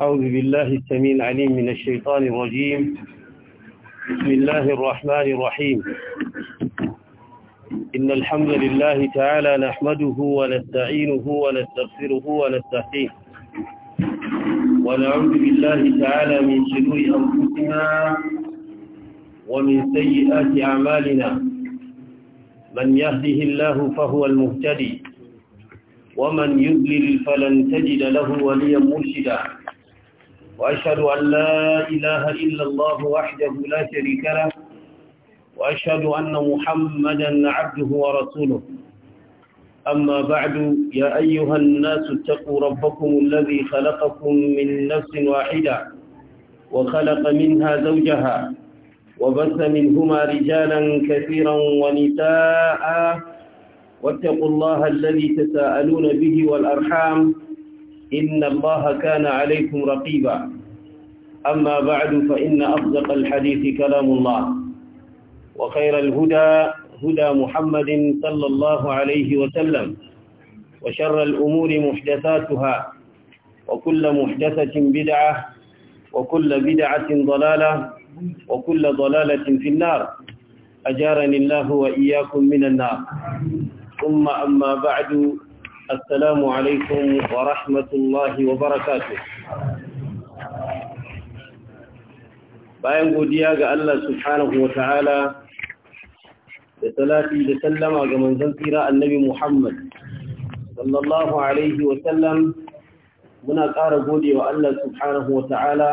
أعوذ بالله السميع العليم من الشيطان الرجيم بسم الله الرحمن الرحيم إن الحمد لله تعالى نحمده ونستعينه ونستغفره ونستهديه ونعوذ بالله تعالى من شرور أنفسنا ومن سيئات أعمالنا من يهده الله فهو المهتدي ومن يضلل فلن تجد له وليا مرشدا وأشهد أن لا إله إلا الله وحده لا شريك له وأشهد أن محمدا عبده ورسوله أما بعد يا أيها الناس اتقوا ربكم الذي خلقكم من نفس واحدة وخلق منها زوجها وبث منهما رجالا كثيرا ونساء واتقوا الله الذي تساءلون به والأرحام إن الله كان عليكم رقيبا أما بعد فإن أصدق الحديث كلام الله وخير الهدى هدى محمد صلى الله عليه وسلم وشر الأمور محدثاتها وكل محدثة بدعة وكل بدعة ضلالة وكل ضلالة في النار أجارني الله وإياكم من النار ثم أما بعد السلام عليكم ورحمة الله وبركاته bayan godiya ga Allah subhanahu wa ta'ala da salati da sallama ga manzon tsira annabi Muhammad sallallahu alaihi wa sallam muna ƙara gode wa Allah subhanahu wa ta'ala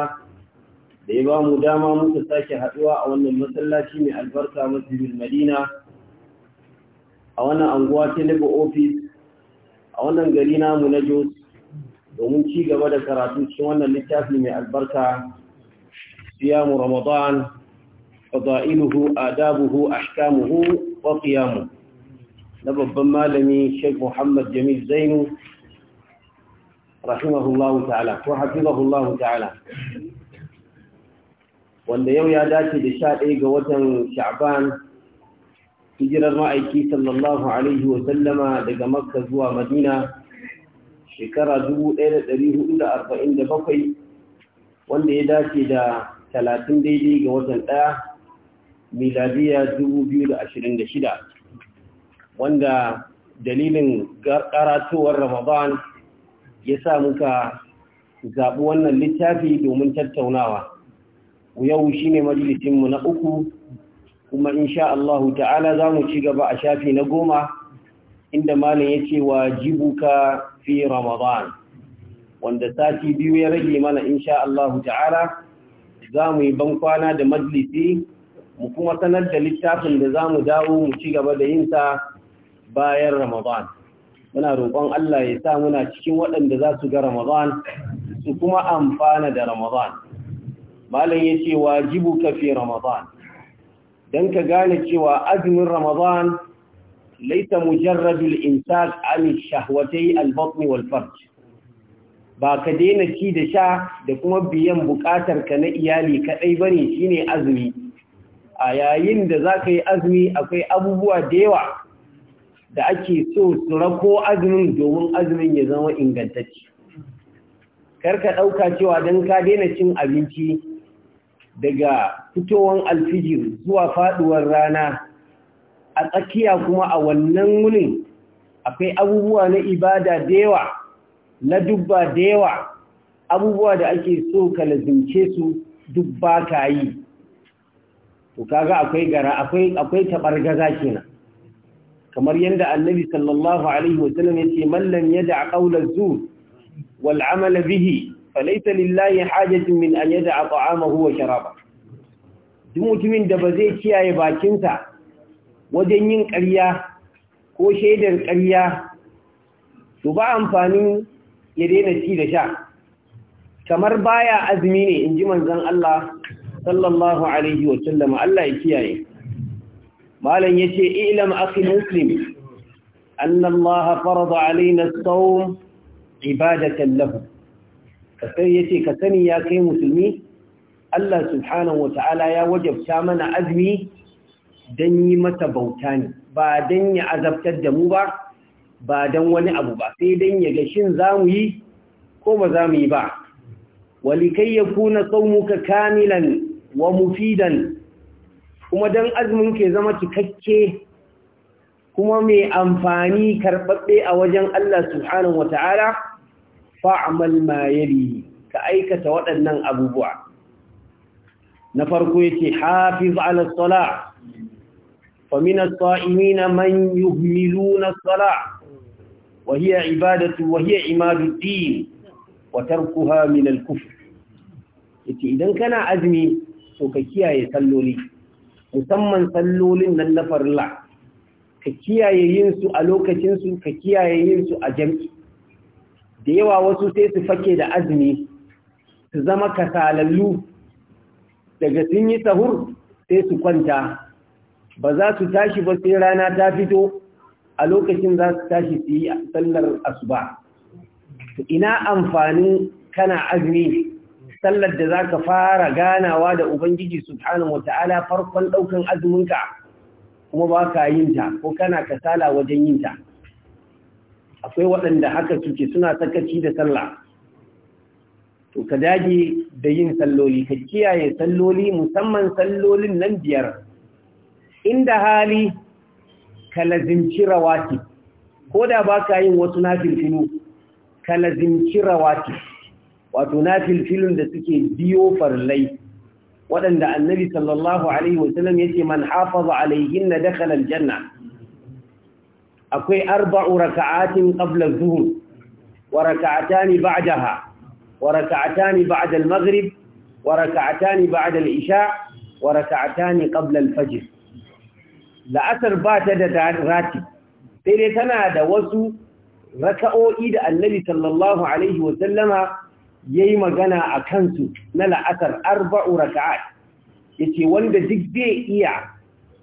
da ya ba mu dama muka sake haɗuwa a wannan masallaci mai albarka masjidul Madina a wannan anguwa ta Lagos a wannan gari namu na Jos domin ci gaba da karatu cikin wannan littafi mai albarka siyamu Ramadan fadailuhu adabuhu ahkamuhu wa qiyamuhu na babban malami Sheikh Muhammad Jamil Zainu rahimahullahu ta'ala ko hafizahullahu ta'ala wanda yau ya dace da 11 ga watan Sha'ban hijirar ma'aiki sallallahu alaihi wa sallama daga makka zuwa madina shekara 1447 wanda ya dace da 30 daidai ga watan ɗaya miladiya 2026 wanda dalilin karatowar ramadan ya sa muka zaɓi wannan littafi domin tattaunawa yau shine majalisinmu na uku kuma insha Allah ta'ala za mu ci gaba a shafi na goma inda malin ya ce wajibuka fi ramadan wanda sati biyu ya rage mana insha Allah ta'ala za mu yi bankwana da majalisi mu kuma sanar da littafin da za mu dawo mu ci gaba da yinsa bayan ramadan muna roƙon Allah ya sa muna cikin waɗanda za su ga ramadan su kuma amfana da ramadan malam ya ce wajibuka fi ramadan don ka gane cewa azumin ramadan laita mujarradul insaq ani shahwatai al-batn wal farj ba ka daina ci da sha da kuma biyan bukatar ka na iyali kadai bane shine azumi a yayin da zaka yi azumi akwai abubuwa da yawa da ake so su rako azumin domin azumin ya zama ingantacce ka dauka cewa dan ka daina cin abinci daga fitowar alfijir zuwa faduwar rana a tsakiya kuma a wannan wunin akwai abubuwa na ibada da yawa na dubba da yawa abubuwa da ake so ka lazimce su dubba ka yi to kaga akwai gara akwai akwai tabargaza kenan kamar yanda annabi sallallahu alaihi wasallam yace man lam yad'a qawla zur wal amala bihi falaysa lillahi hajatin min an yad'a ta'amahu wa sharabahu duk mutumin da ba zai kiyaye bakinsa wajen yin ƙarya ko shaidar ƙarya to ba amfanin ya daina ci da sha kamar baya azumi ne in ji manzon Allah sallallahu alaihi wa Allah ya kiyaye malam yace ilam akhi muslim anna Allah farada alaina as ibadatan lahu sai yace ka sani ya kai musulmi Allah subhanahu wata'ala ya wajabta mana azumi don yi mata bauta ne ba don ya azabtar da mu ba ba don wani abu ba sai don ya ga shin za mu yi ko ba za mu yi ba walikai ya kuna saumuka kamilan wa mufidan kuma don azumin ke zama cikakke kuma mai amfani karɓaɓɓe a wajen Allah subhanahu wata'ala fa'amal ma yari ka aikata waɗannan abubuwa na farko yace hafiz ala salat fa min as-sa'imin man yuhmiluna as wa hiya ibadatu wa hiya imaduddin wa tarkuha min al-kufr yace idan kana azumi to ka kiyaye salloli musamman sallolin nan na farla ka kiyaye yin su a lokacin su ka kiyaye yin su a jam'i da yawa wasu sai su fake da azumi su zama kasalallu daga sun yi sahur sai su kwanta ba za su tashi ba sai rana ta fito a lokacin za su tashi su yi sallar asuba ina amfanin kana azumi sallar da za ka fara ganawa da ubangiji subhanahu ta'ala farkon ɗaukan azuminka kuma ba ka yin ta ko kana kasala wajen yin ta akwai waɗanda haka suke suna sakaci da sallah to ka dage da yin salloli ka kiyaye salloli musamman sallolin nan biyar inda hali ka lazimci rawati ko da baka yin wasu nafilfilu ka lazimci rawati wato nafilfilun da suke biyo farlai waɗanda annabi sallallahu alaihi wasallam yace man hafaza alaihin na dakhala aljanna akwai arba'u raka'atin qabla zuhur wa raka'atani ba'daha وركعتان بعد المغرب وركعتان بعد العشاء وركعتان قبل الفجر la'asar ba ta da rati sai dai tana da wasu raka'o'i da annabi sallallahu alaihi wasallama ya yi magana a kansu na la'asar arba'u raka'at ya ce wanda duk zai iya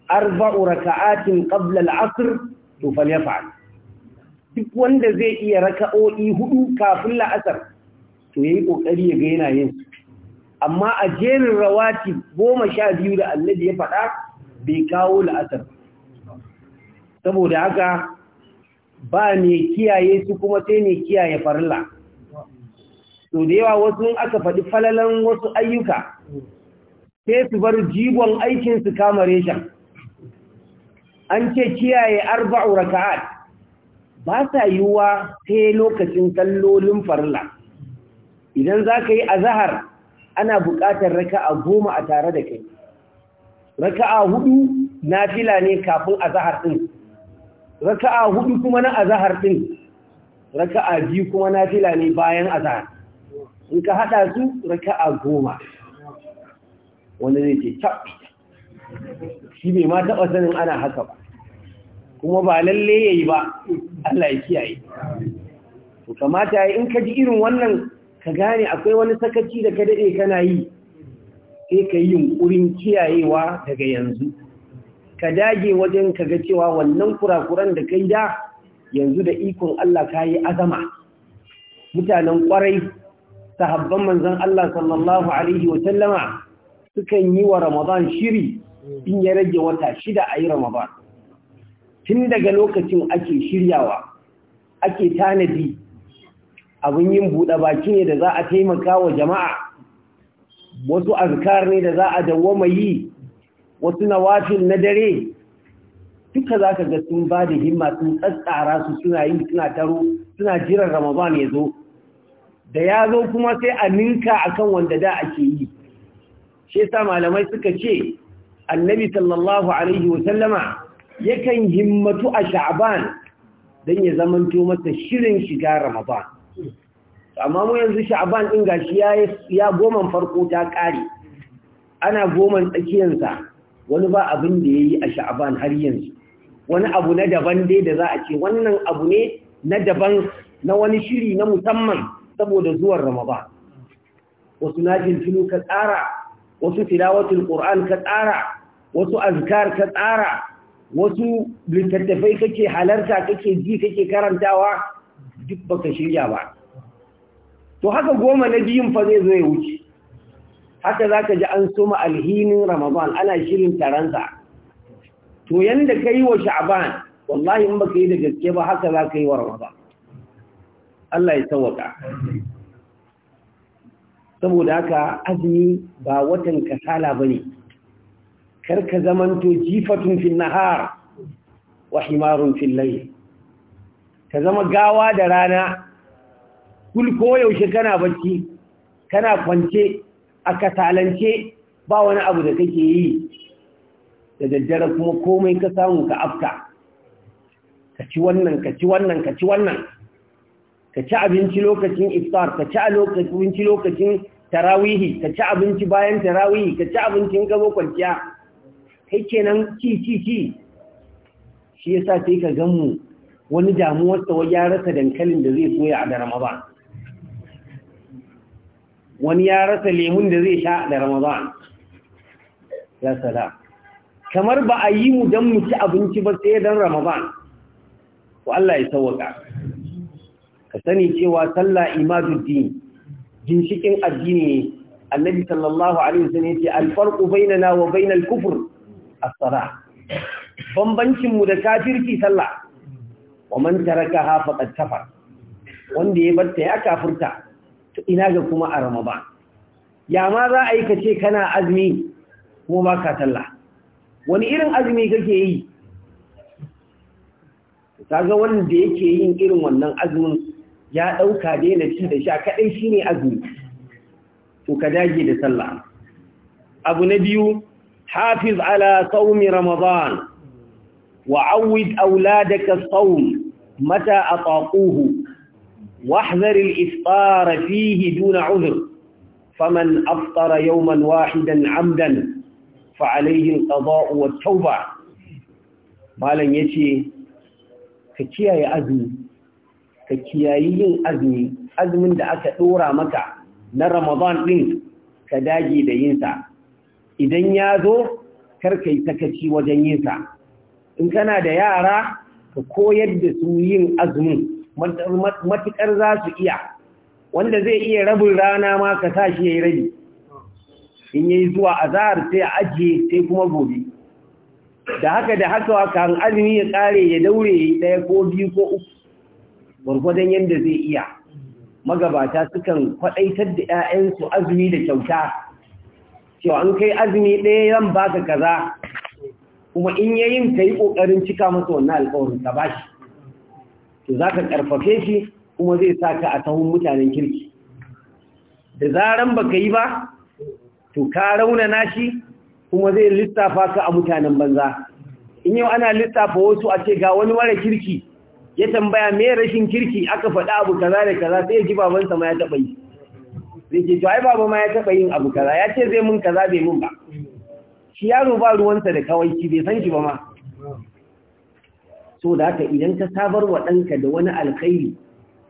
arba'u raka'atin ƙablal asir to falyafa duk wanda zai iya raka'o'i hudu kafin la'asar to yayi kokari ya ga yana yin su amma a jerin rawati goma sha biyu da annabi ya faɗa bai kawo la'asar saboda haka ba ne kiyaye su kuma sai ne kiyaye farilla to da yawa wasu aka faɗi falalan wasu ayyuka sai su bar jigon aikinsu kama reshen an ce kiyaye arba'u raka'at ba sa yiwuwa sai lokacin kallolin farilla idan za ka yi a zahar, ana buƙatar raka'a goma a tare da kai raka'a hudu na fila ne kafin a zahar ɗin raka'a hudu kuma na a zahar ɗin raka'a biyu kuma na fila ne bayan a zahar. in ka haɗa su raka'a goma wanda zai ce shi bai ma taɓa sanin ana haka ba kuma ba lalle ya yi ba Allah ya kiyaye kamata ya in ka ji irin wannan ka gane akwai wani sakaci da ka daɗe kana yi sai ka yi yunkurin kiyayewa daga yanzu ka dage wajen ka ga cewa wannan kurakuran da kai da yanzu da ikon Allah ka yi azama mutanen kwarai sahabban manzon Allah sallallahu alaihi wa sallama sukan yi wa Ramadan shiri in ya rage wata shida a yi Ramadan tun daga lokacin ake shiryawa ake tanadi abin yin buɗe baki ne da za a taimaka wa jama'a wasu azkar ne da za a dawwama yi wasu nawafil na dare duka za ka ga sun ba da himma sun tsatsara su suna yi suna taro suna jiran ramadan ya zo da ya zo kuma sai a ninka akan wanda da ake yi shi yasa malamai suka ce annabi sallallahu alaihi wa sallama yakan himmatu a sha'ban dan ya zamanto masa shirin shiga ramadan amma mu yanzu sha'aban din gashi ya goman farko ta kare ana goman tsakiyansa wani ba abin da yayi a sha'aban har yanzu wani abu na daban dai da za a ce wannan abu ne na daban na wani shiri na musamman saboda zuwan ramadan wasu najin tulu ka tsara wasu tilawatul qur'an ka tsara wasu azkar ka tsara wasu littattafai kake halarta kake ji kake karantawa duk baka shirya ba to haka goma na biyun fa zai zo ya wuce haka za ka ji an soma alhinin ramadan ana shirin taransa to yanda ka yi wa Sha'aban, wallahi in baka yi da gaske ba haka za ka yi wa ramadan Allah ya sauwaka saboda haka azumi ba watan kasala bane kar ka zamanto jifatun fil nahar wa himarun fil layl ka zama gawa da rana kul yaushe kana bacci kana kwance aka talance ba wani abu da kake yi da daddare kuma komai ka samu ka afka ka ci wannan ka ci wannan ka ci wannan ka ci abinci lokacin iftar ka ci abinci lokacin tarawihi ka ci abinci bayan tarawihi ka ci abincin gabo kwanciya kai kenan ci ci ci shi yasa sai ka gan wani damuwarsa wai ya rasa dankalin da zai soya a da ba? wani ya rasa lemun da zai sha a da ba? ya sada kamar ba a yi mu don mu ci abinci ba sai don ramadan ko Allah ya sauwaka ka sani cewa sallah imaduddin ginshikin addini ne annabi sallallahu alaihi wasallam yace alfarqu bainana wa bainal kufr as-salah bambancin mu da kafirci sallah wa man tarakaha faqad wanda ya barta ya kafurta to ina ga kuma a ramadan ya ma za a yi kace kana azumi kuma ba ka talla wani irin azumi kake yi kaga wanda yake yin irin wannan azumin ya dauka daina ci da sha kadai shine azumi to ka dage da sallah abu na biyu hafiz ala sawmi ramadan wa awid auladaka sawm متى أطاقوه واحذر الإفطار فيه دون عذر فمن أفطر يوما yauman عمدا amdan القضاء والتوبة malam ya ce ka kiyaye azumi ka kiyaye yin azumi azumin da aka ɗora maka na ramadan ɗin ka dage da yinsa idan ya zo kar yi takaci wajen yinsa in kana da yara ka koyar da su yin azumin matuƙar za su iya wanda zai iya rabin rana ma ka sa shi ya yi rabi in yi zuwa a zahar sai a ajiye sai kuma gobe da haka da haka kan azumi ya tsare ya daure ɗaya ko biyu ko uku gwargwadon yadda zai iya magabata sukan kwaɗaitar da 'ya'yansu azumi da kyauta cewa an kai azumi ɗaya zan baka kaza kuma in yayin ka yi ƙoƙarin cika masa wannan alƙawarin ka bashi to za ka ƙarfafe shi kuma zai sa ka a tahun mutanen kirki da zaran ba ka yi ba to ka na shi kuma zai lissafa ka a mutanen banza in yau ana lissafa wasu a ce ga wani mara kirki ya tambaya me rashin kirki aka faɗa abu kaza da kaza sai ji babansa ma ya taɓa yi zai ce to ai baba ma ya taɓa yin abu kaza ya ce zai mun kaza bai mun ba shi yaro ba ruwansa da kawai bai san shi ba ma so da haka idan ka sabar wa ɗanka da wani alkhairi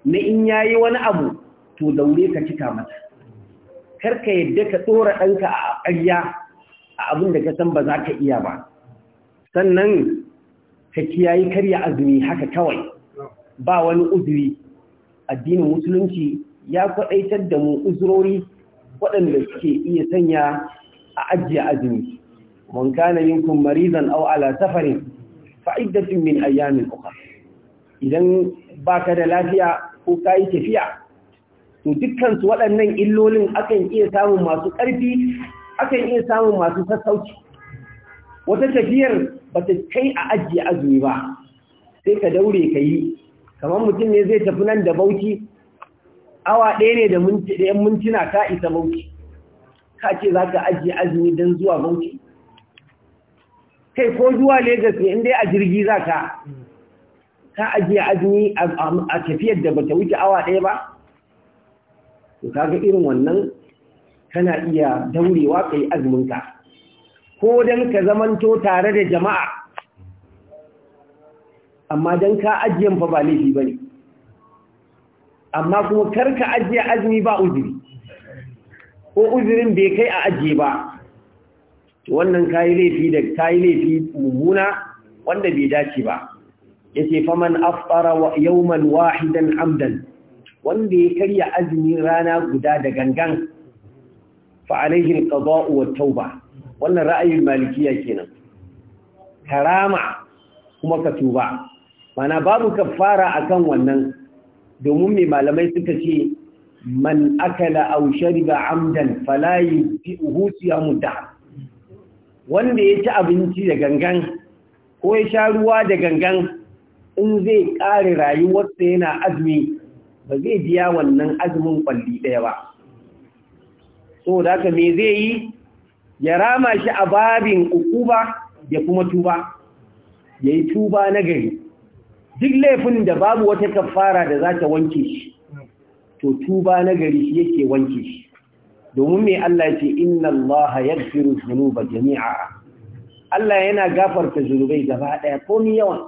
na in yayi wani abu to daure ka cika mata ka yadda ka tsora ɗanka a ƙarya a abin da ka san ba za ka iya ba sannan ka kiyaye karya azumi haka kawai ba wani uzuri addinin musulunci ya kwaɗaitar da mu uzurori waɗanda suke iya sanya a ajiye azumi man kana minkum marizan aw ala safarin fa iddatun min ayyamin idan baka da lafiya ko kai tafiya to dukkan su waɗannan illolin akan iya samun masu ƙarfi akan iya samun masu sassauci wata tafiyar bata kai a ajiye azumi ba sai ka daure ka yi kamar mutum ne zai tafi nan da bauchi awa ɗaya ne da yan mintuna ka isa bauchi ka ce za ka ajiye azumi don zuwa bauchi kai ko zuwa Legas ne inda a jirgi za ka ka ajiye azumi a tafiyar da bata wuce awa ɗaya ba to kaga irin wannan kana iya daurewa ka yi azuminka ko don ka zamanto tare da jama'a amma don ka ajiye fa ba laifi ba ne amma kuma karka ajiye azumi ba uzuri ko uzurin bai kai a ajiye ba wannan kayi laifi da kayi laifi mummuna wanda bai dace ba yace faman afṭara yawman wahidan amdan wanda ya karya azumi rana guda da gangan fa alaihi alqada'u wat tauba wannan ra'ayin malikiya kenan karama kuma ka tuba mana babu kaffara akan wannan domin mai malamai suka ce man akala aw shariba amdan fala yuhu siyamu dahr wanda ya ci abinci da gangan ko ya sha ruwa da gangan in zai ƙare rayuwarsa yana azumi ba zai biya wannan azumin kwalli ɗaya ba so da haka me zai yi ya rama shi a babin uku ba ya kuma tuba ya yi tuba na gari duk laifin da babu wata kafara da za ta wanke shi to tuba na gari shi yake wanke shi domin me Allah ce inna Allah yaghfiru dhunuba jami'a Allah yana gafarta zunubai gaba daya komi yawan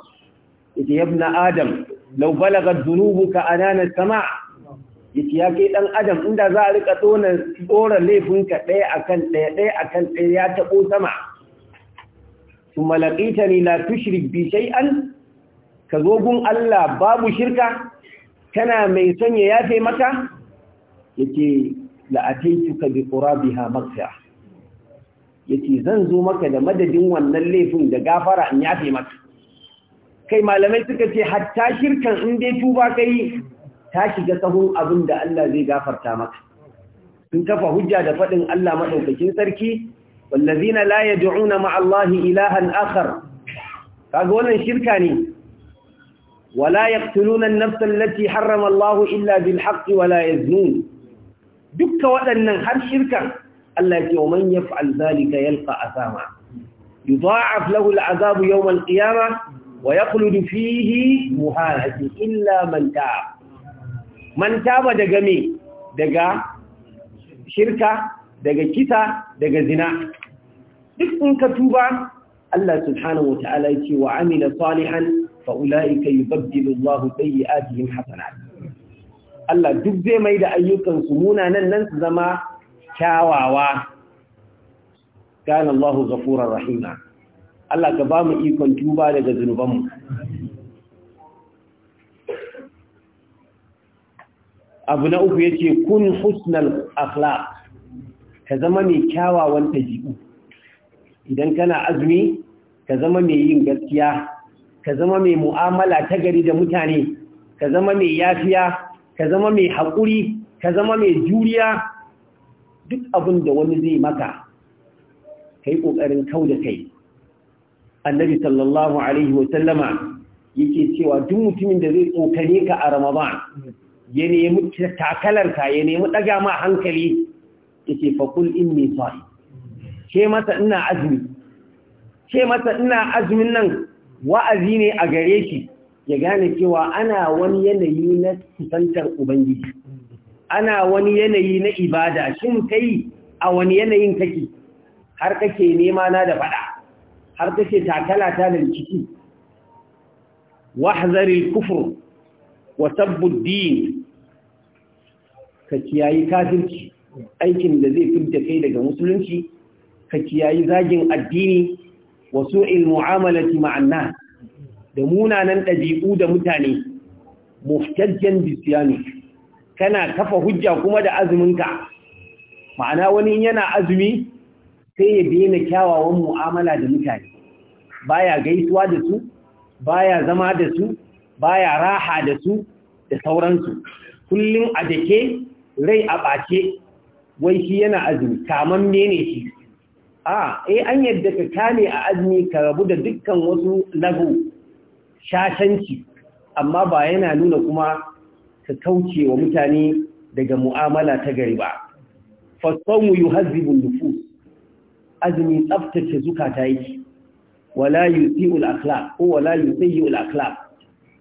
yace yabna adam law zunubu dhunubuka anana sama yace ya kai dan adam inda za a rika tona tsora laifinka daya akan daya daya akan daya ya tabo sama thumma laqitani la tushrik bi shay'an ka zo gun Allah babu shirka kana mai sanya ya taimaka yake la'ataituka bi maghfira yace zan zo maka da madadin wannan laifin da gafara in yafe maka kai malamai suka ce hatta shirkan in dai tuba kai ta shiga sahun abin da Allah zai gafarta maka sun kafa hujja da faɗin Allah maɗaukakin sarki wallazina la yad'una ma'a Allah ilahan akhar kaga wannan shirka ne wala yaqtuluna an-nafsa allati harrama Allah illa bil haqqi wala yaznun dukka waɗannan har shirkan Allah ya ce wa man yaf'al zalika yalqa asama yudha'af lahu al'azabu yawm al-qiyamah wa yaqludu fihi muhanatin illa manta. Manta ba daga me daga shirka daga kisa daga zina duk in ka tuba Allah subhanahu wa ta'ala ya ce wa amila salihan fa ulaika yubaddilu Allahu sayyi'atihim hasanat Allah duk zai mai da ayyukan ayyukansu munanan nan su zama kyawawa kana Allahu zafuran rahima Allah ka ba mu ikon tuba daga zunubanmu abu na uku yace kun husnal akhlaq ka zama mai kyawawan dabi'u idan kana azumi ka zama mai yin gaskiya ka zama mai mu'amala ta gari da mutane ka zama mai yafiya ka zama mai haƙuri ka zama mai juriya duk abin da wani zai maka ka yi ƙoƙarin kau da kai annabi sallallahu alaihi wasallama yake cewa duk mutumin da zai tsokane ka a ramadan ya nemi takalarka ya nemi ɗaga ma hankali yake faƙul in mai sa'i ce masa ina azumi Ke masa ina azumin nan wa'azi ne a gare shi ya gane cewa ana wani yanayi na kusantar ubangiji ana wani yanayi na ibada shin kai a wani yanayin kake har kake nema na da fada har kake takala ta da ciki wahzaril Kufur, wa sabbud ka kiyayi kafirci aikin da zai fidda kai daga musulunci ka kiyayi zagin addini Wasu su'il mu'amalati ma'an da munanan ɗabi'u da mutane muftajjan bisiyani kana kafa hujja kuma da azuminka ma'ana wani yana azumi sai ya daina kyawawan mu'amala da mutane baya gaisuwa da su baya zama da su baya raha da su da sauransu kullum a dake rai a ɓace wai shi yana azumi kaman mene shi a eh an yadda ka kame a azumi ka rabu da dukkan wasu lagu shashanci amma ba yana nuna kuma ka kauce wa mutane daga mu'amala ta gari ba fasamu yuhazzibu nufus azumi tsaftace zukata yake wala yusi'ul akhlaq ko wala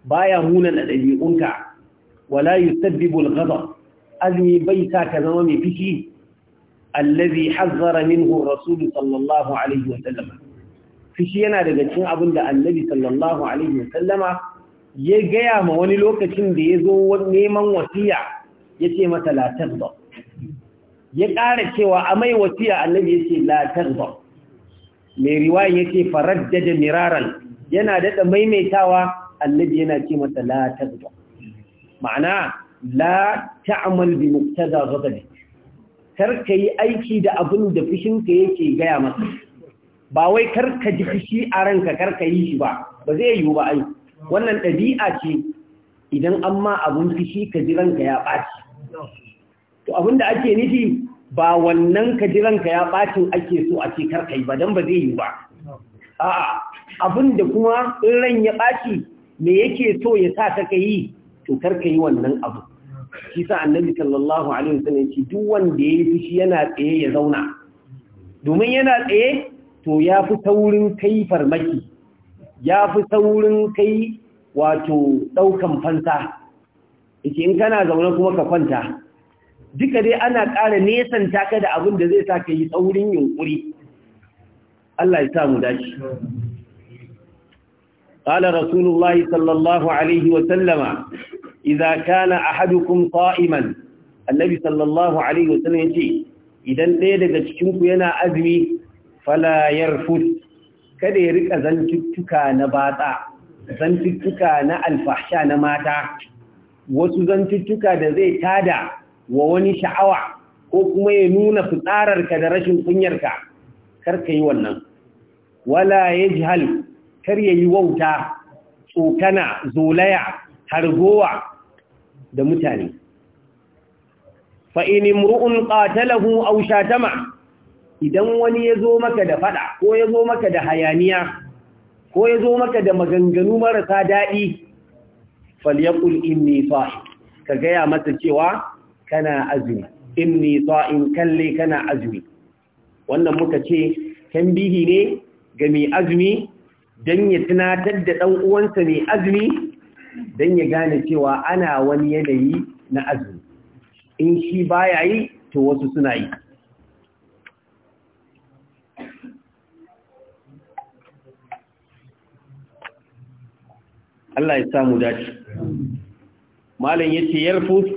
Ba ya baya munan ɗabi'unka. wala yusabbibu al-ghadab azumi bai sa ka zama mai fishi allazi hazzara minhu rasul sallallahu alaihi wa fushi yana daga cikin abin da annabi sallallahu alaihi wasallama ya gaya ma wani lokacin da ya zo neman wasiya ya ce mata latar ya ƙara cewa a mai wasiya annabi ya ce latar ba riwaya ya ce miraran yana daɗa maimaitawa annabi yana ce mata latar ba ma'ana la ta'amal bi muktada ghadabi kar ka yi aiki da abin da fushinka yake gaya masa ba wai karka ji fushi a ranka karka yi shi ba ba zai yiwu ba ai wannan ɗabi'a ce idan an ma abun fushi ka ji ranka ya ɓaci to abin da ake nufi ba wannan ka ji ranka ya ɓacin ake so a ce karka yi ba don ba zai yiwu ba a'a abin da kuma in ran ya ɓaci me yake so ya sa ka yi to karka yi wannan abu shi sa annabi sallallahu alaihi wasallam ce duk wanda yayi fushi yana tsaye ya zauna domin yana tsaye to ya fi saurin kai farmaki ya fi saurin kai wato ɗaukan fanta, yake in kana zaune kuma ka kwanta duka dai ana ƙara nesan taka da abin da zai sa ka yi saurin yunƙuri Allah ya samu dashi قال rasulullahi sallallahu alaihi wa sallama وسلم إذا كان أحدكم annabi sallallahu alaihi wa sallam idan ɗaya daga cikinku yana azumi fala yarfud kada ya rika zantuttuka na batsa zantuttuka na alfahsha na mata wasu zantuttuka da zai tada wa wani sha'awa ko kuma ya nuna fitsararka da rashin kunyarka kar ka yi wannan wala yajhal kar ya yi wauta tsokana zolaya hargowa da mutane fa in imru'un qatalahu aw shatama idan wani ya zo maka da fada ko ya zo maka da hayaniya ko ya zo maka da maganganu marasa daɗi falyakul inni sa'in ka gaya masa cewa kana azumi inni sa'in kalle kana azumi wannan muka ce tambihi ne ga mai azumi don ya tunatar da ɗan uwansa mai azumi don ya gane cewa ana wani yanayi na azumi in shi baya yi to wasu suna yi Allah ya samu dace malam yace yarfus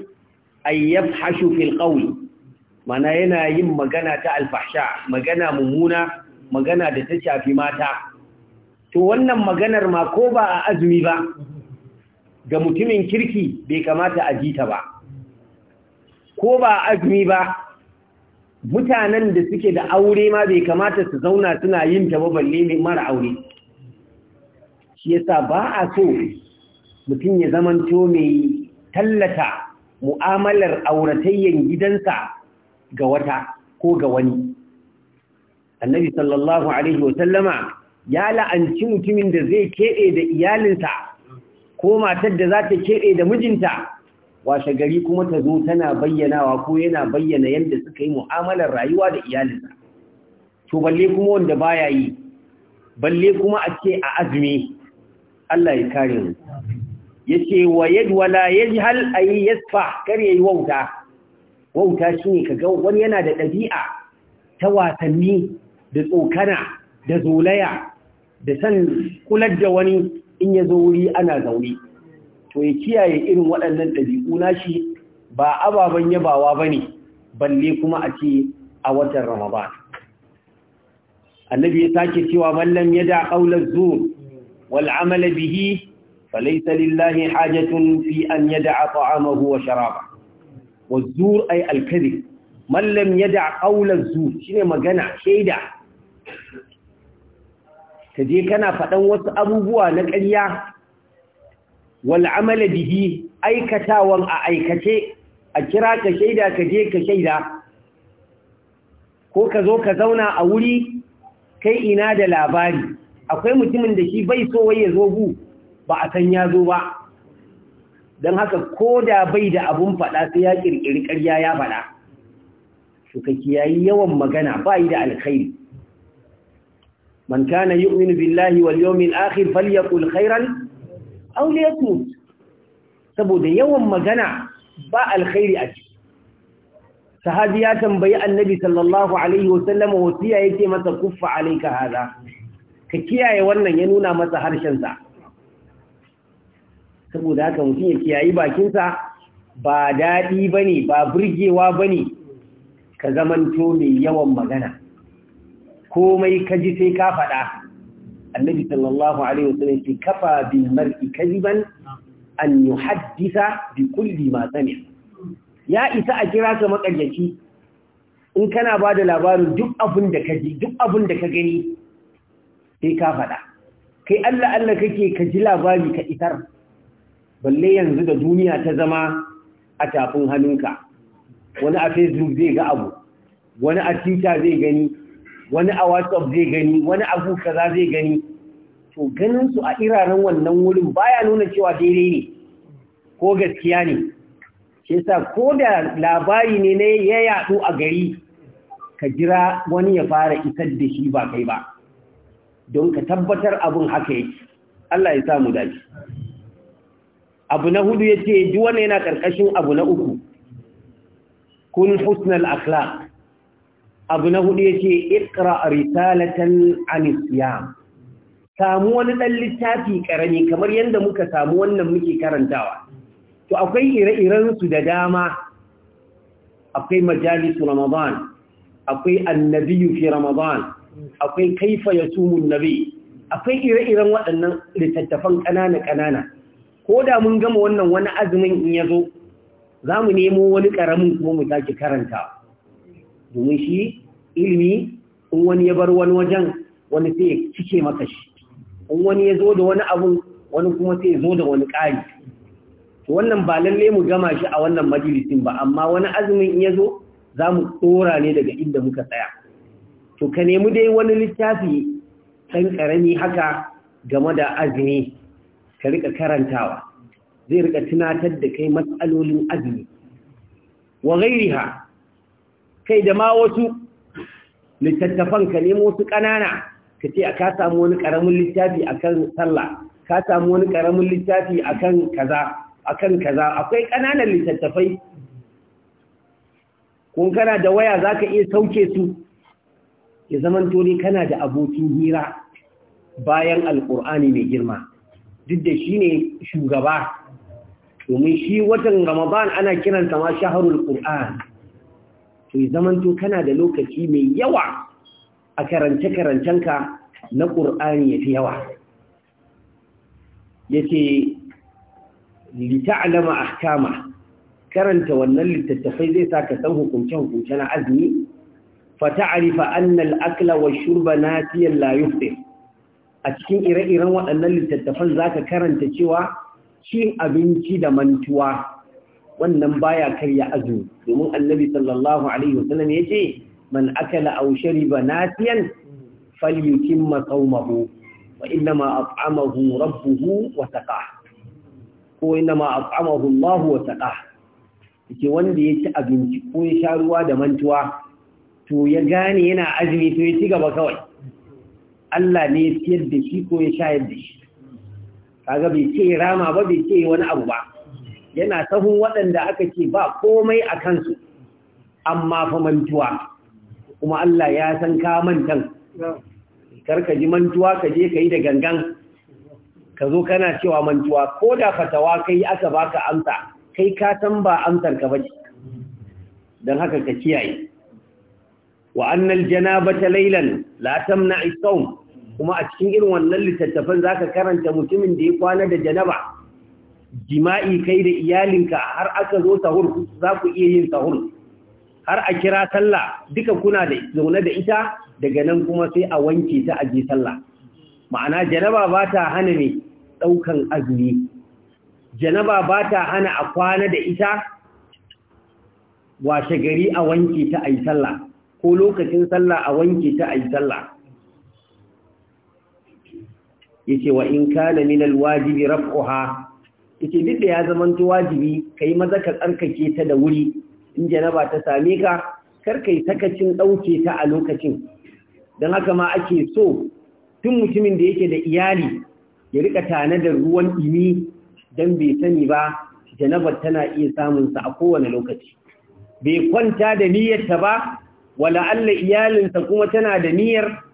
ay yafhashu fil qawl mana yana yin magana ta alfahsha magana mumuna magana da ta shafi mata to wannan maganar ma ko ba a azumi ba ga mutumin kirki bai kamata a jita ba ko ba a azumi ba mutanen da suke da aure ma bai kamata su zauna suna yin ta ba balle mara aure shi yasa ba a so mutum ya zamanto mai tallata mu'amalar auratayyan gidansa ga wata ko ga wani annabi sallallahu alaihi wa sallama ya la'anci mutumin da zai keɓe da iyalinsa ko matar da za ta keɓe da mijinta washe gari kuma ta zo tana bayyanawa ko yana bayyana yadda suka yi mu'amalar rayuwa da iyalinsa to balle kuma wanda baya yi balle kuma a ce a azumi Allah ya kare mu yace wa yad wala yajhal ay yasfa kar yayi wauta wauta shine ka ga wani yana da dabi'a ta wasanni da tsokana da zolaya da san kular da wani in ya zo wuri ana zauri to ya kiyaye irin waɗannan ɗabi'u nashi ba ababan yabawa bane balle kuma a ce a watan Ramadan annabi ya sake cewa mallam da qaulaz zur والعمل به فليس لله حاجة في أن يدع طعامه وشرابه والزور أي الكذب من لم يدع قول الزور شنو مغنى شيدا kaje kana faɗan wasu abubuwa na karya. Wal'amala bihi aikatawan a aikace a kira ka shaida ka je ka shaida ko ka zo ka zauna a wuri kai ina da labari akwai mutumin da shi bai so wai ya zo gu ba a san ya zo ba don haka ko da bai da abun faɗa sai ya ƙirƙiri ƙarya ya faɗa su ka kiyayi yawan magana ba yi da alkhairi man kana yu'minu billahi wal yawmil akhir falyaqul khairan aw liyasmut saboda yawan magana ba alkhairi a ciki sahabi ya tambayi annabi sallallahu alaihi wasallam wasiya yake masa kuffa alayka hada ka kiyaye wannan ya nuna masa harshen sa saboda haka mutum ya kiyayi bakinsa ba daɗi ba ba burgewa bane ne ka zamanto mai yawan magana komai ka ji sai ka faɗa annabi sallallahu alaihi wasallam ce kafa bil mar'i kadiban an yuhaddisa bi kulli ma sami ya isa a kira ka makaryaci in kana ba da labarin duk abin da ka ji duk abin da ka gani sai ka faɗa kai Allah Allah kake ka ji labari ka isar balle yanzu da duniya ta zama a tafin hannunka wani a facebook zai ga abu wani a twitter zai gani wani a whatsapp zai gani wani abu kaza zai gani to ganin su a iraren wannan wurin baya nuna cewa daidai ne ko gaskiya ne shi yasa ko da labari ne na ya yaɗu a gari ka jira wani ya fara isar da shi ba kai ba don ka tabbatar abin haka yake Allah ya samu dace abu na hudu yace duk wanda yana karkashin abu na uku kun husnal akhlaq abu na hudu yace iqra risalatan anis siyam samu wani dan littafi karami kamar yadda muka samu wannan muke karantawa to akwai ire-iren su da dama akwai majalisu ramadan akwai annabiyu fi ramadan akwai kaifa ya sumun nabi akwai ire-iren waɗannan littattafan ƙanana-ƙanana ko da mun gama wannan wani azumin in ya zo za mu nemo wani ƙaramin kuma mu sake karanta domin shi ilimi in wani ya bar wani wajen wani sai ya cike maka shi in wani ya zo da wani abu wani kuma sai ya zo da wani ƙari wannan ba lalle mu gama shi a wannan majalisin ba amma wani azumin in ya zo za mu tsora ne daga inda muka tsaya to ka nemi dai wani littafi ɗan ƙarami haka game da azumi ka rika karantawa zai rika tunatar da kai matsalolin azumi wa gairiha kai da ma wasu littattafan ka nemi wasu ƙanana ka ce ka samu wani ƙaramin littafi akan sallah ka samu wani ƙaramin littafi akan kaza akan kaza akwai ƙananan littattafai kun kana da waya zaka iya sauke su ya zaman tore kana da abokin hira bayan Alƙur'ani mai girma duk da shi ne shugaba domin shi watan ramadan ana kiranta ma shaharul qur'an to ya zaman to kana da lokaci mai yawa a karance-karancenka na ƙur'ani ya fi yawa ya ce lita'alama ahkama karanta wannan littattafai zai sa ka san hukunce-hukunce na azumi fata'arifa annal akla wa shurba na la layufe. a cikin ire-iren waɗannan littattafan zaka karanta cewa cin abinci da mantuwa wannan baya karya azumi domin annabi sallallahu alaihi wasallam yace man akala aw shariba natiyan falyutimma sawmahu wa inma at'amahu rabbuhu wa saqah ko inma at'amahu Allah wa saqah yake wanda ya ci abinci ko ya sha ruwa da mantuwa to ya gane yana azumi to ya ci gaba kawai Allah ne ya ciyar da shi ko ya shayar da shi kaga bai ce rama ba bai ce wani abu ba yana sahun waɗanda aka ce ba komai a kansu amma fa mantuwa kuma Allah ya san ka mantan ka ji mantuwa ka je ka yi da gangan ka zo kana cewa mantuwa ko da fatawa kai aka baka amsa kai ka san ba amsar ka bace don haka ka kiyaye wa annal janabata lailan, la na sawm kuma a cikin irin wannan littattafan zaka karanta mutumin da ya kwana da janaba jima'i kai da iyalinka har aka zo sahur za ku iya yin sahur har a kira sallah duka kuna da zaune da ita daga nan kuma sai a wanke ta a ji sallah ma'ana janaba ba ta hana ne ɗaukan azumi janaba ba ta hana a kwana da ita washe gari a wanke ta a yi sallah ko lokacin sallah a wanke ta a yi sallah yace wa in kana min alwajibi raf'uha yace duk da ya zamanto wajibi kai maza ka tsarkake ta da wuri in janaba ta same ka kar kai sakacin ɗauke ta a lokacin dan haka ma ake so tun mutumin da yake da iyali ya rika tanadar ruwan dimi dan bai sani ba janabar tana iya samun sa a kowane lokaci bai kwanta da niyyar ta ba wala'alla iyalinsa kuma tana da niyyar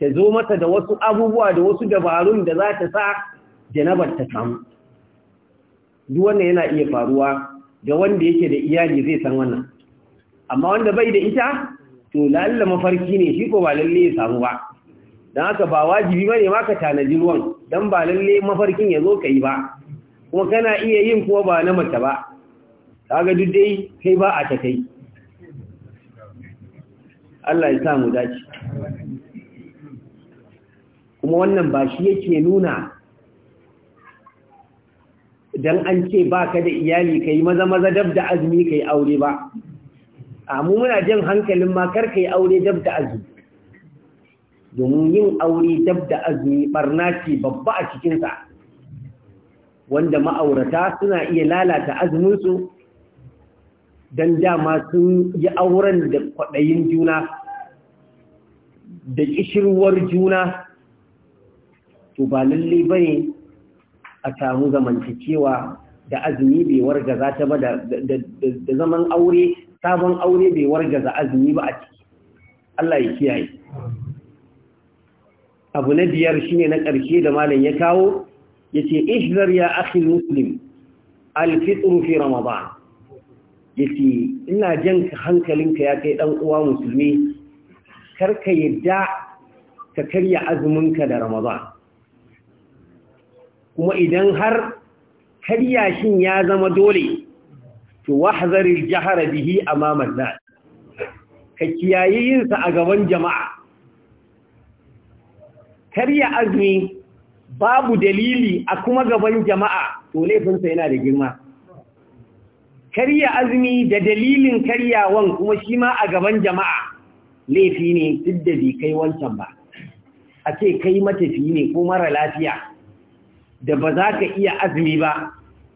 ta zo mata da wasu abubuwa da wasu dabarun da za ta sa janabar ta samu duk wannan yana iya faruwa ga wanda yake da iyali zai san wannan amma wanda bai da ita to lalla mafarki ne shi ko ba lalle ya samu ba don haka ba wajibi ne ma ka tanaji ruwan don ba lalle mafarkin ya zo ka yi ba kuma kana iya yin kuma ba na mace ba kaga duk dai kai ba a ta kai Allah ya sa mu dace kuma wannan ba shi yake nuna dan an ce baka da iyali kai maza maza dab da azumi kai aure ba a mu muna jin hankalin ma kar kai aure dab da azumi domin yin aure dab da azumi barna ce babba a cikinsa wanda ma'aurata suna iya lalata azuminsu don dama sun yi auren da kwaɗayin juna da ƙishirwar juna to ba lalle ba ne a samu zamantakewa da azumi bai wargaza ta ba da zaman aure sabon aure bai wargaza azumi ba a ciki Allah ya kiyaye abu na biyar shine na ƙarshe da malam ya kawo yace ihzar ya akhi muslim al-fitr fi ramadan yake ina jan hankalinka ya kai dan uwa musulmi kar ka yadda ka karya azuminka da ramadan kuma idan har karya shin ya zama dole to wahzaril jahara bihi amaman nas ka kiyaye yin sa a gaban jama'a karya azumi babu dalili a kuma gaban jama'a to laifinsa yana da girma karya azumi da dalilin karyawan kuma shi ma a gaban jama'a laifi ne duk da bai kai wancan ba a ce kai matafi ne ko mara lafiya da ba za ka iya azumi ba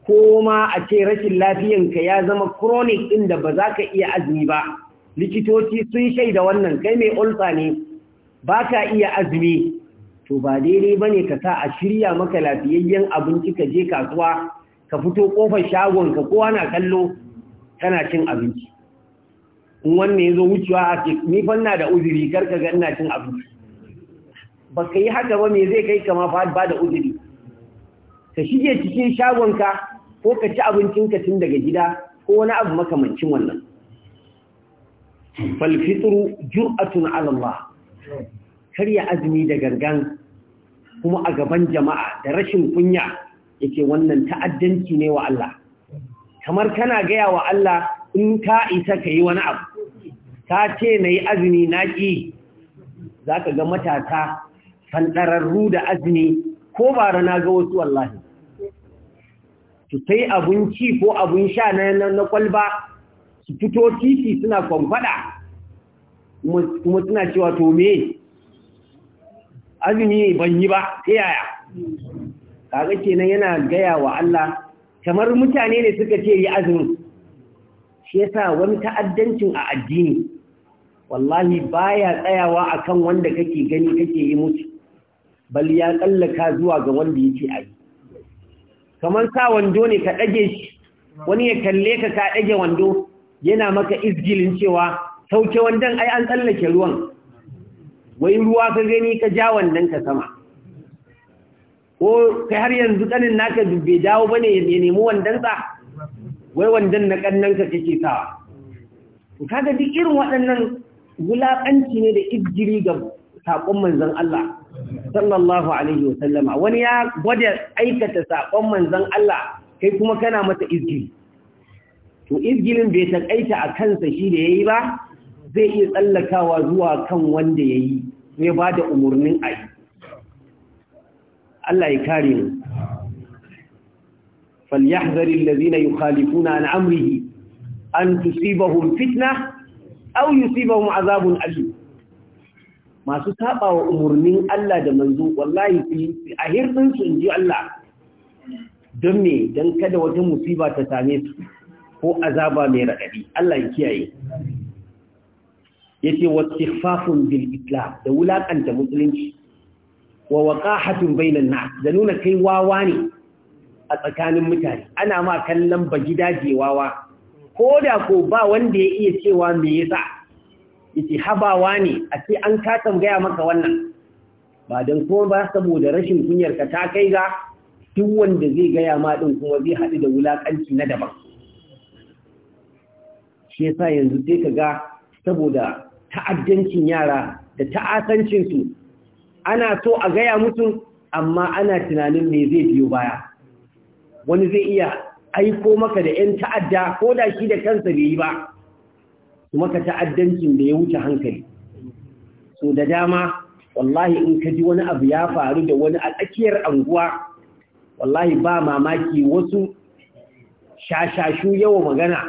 ko ma a ce rashin lafiyanka ya zama chronic ɗin da ba za ka iya azumi ba likitoci sun shaida wannan kai mai ulsa ne ba ka iya azumi to ba daidai ba ne ka sa a shirya maka lafiyayyen abinci ka je kasuwa ka fito kofar shagon ka kowa na kallo kana cin abinci in wannan ya zo wucewa a ce ni fanna da uzuri kar ka ga ina cin abinci ba ka yi haka ba me zai kai kama fa ba da uzuri ka shige cikin shagon ka ko ka ci abincin ka tun daga gida ko wani abu makamancin wannan fal fitru ju'atun ala Allah karya azumi da gangan kuma a gaban jama'a da rashin kunya yake wannan ta'addanci ne wa Allah kamar kana gaya wa Allah in ka isa ka yi wani abu ka ce na yi azumi na ƙi za ka ga matata fanɗararru da azumi ko bara na ga wasu wallahi su sai abinci ko abin sha na kwalba su fito titi suna kwamfada kuma suna cewa to me azumi ban yi ba ta yaya kaga kenan yana gaya wa Allah kamar mutane ne suka ce yi azumi shi yasa wani ta'addancin a addini wallahi baya tsayawa akan wanda kake gani kake yi mutu bal ya tsallaka zuwa ga wanda yake ai kamar sa wando ne ka dage shi wani ya kalle ka ka dage wando yana maka izgilin cewa sauke wandan ai an tsallake ruwan wai ruwa ka gani ka ja wandan ka sama ko kai har yanzu kanin naka bai dawo bane ya nemi sa wai wandan na ka kake sawa to kaga duk irin waɗannan gulaƙanci ne da ibjiri ga saƙon manzon Allah sallallahu alaihi wa sallama wani ya gwada aikata saƙon manzon Allah kai kuma kana mata izgiri to izgirin bai takaita a kansa shi da yayi ba zai iya tsallakawa zuwa kan wanda yayi ya bada umurnin ayi Allah ya kare mu فليحذر الذين يخالفون عن amrihi. an tusibahum fitna aw yusibahum azabun alim masu sabawa umurnin Allah da manzo wallahi a hirdin su inji Allah don me don kada wata musiba ta same su ko azaba mai radadi Allah ya kiyaye yace wa istighfafun bil islam da wulaƙanta musulunci wa waqahatun bainan nas da nuna kai wawa ne a tsakanin mutane ana ma kallon bagidaje wawa ko da ko ba wanda ya iya cewa me yasa yace habawa ne a ce an ka tambaya maka wannan ba dan kuma ba saboda rashin kunyar ka ta kai ga duk wanda zai gaya ma din kuma zai haɗu da wulakanci na daban shi yasa yanzu sai ka ga saboda ta'addancin yara da ta'asancinsu ana so a gaya mutu amma ana tunanin me zai biyo baya wani zai iya aiko maka da 'yan ta'adda ko da shi da kansa bai yi ba kuma maka ta'addancin da ya wuce hankali so da dama wallahi in ka ji wani abu ya faru da wani a tsakiyar anguwa wallahi ba mamaki wasu shashashu yawa magana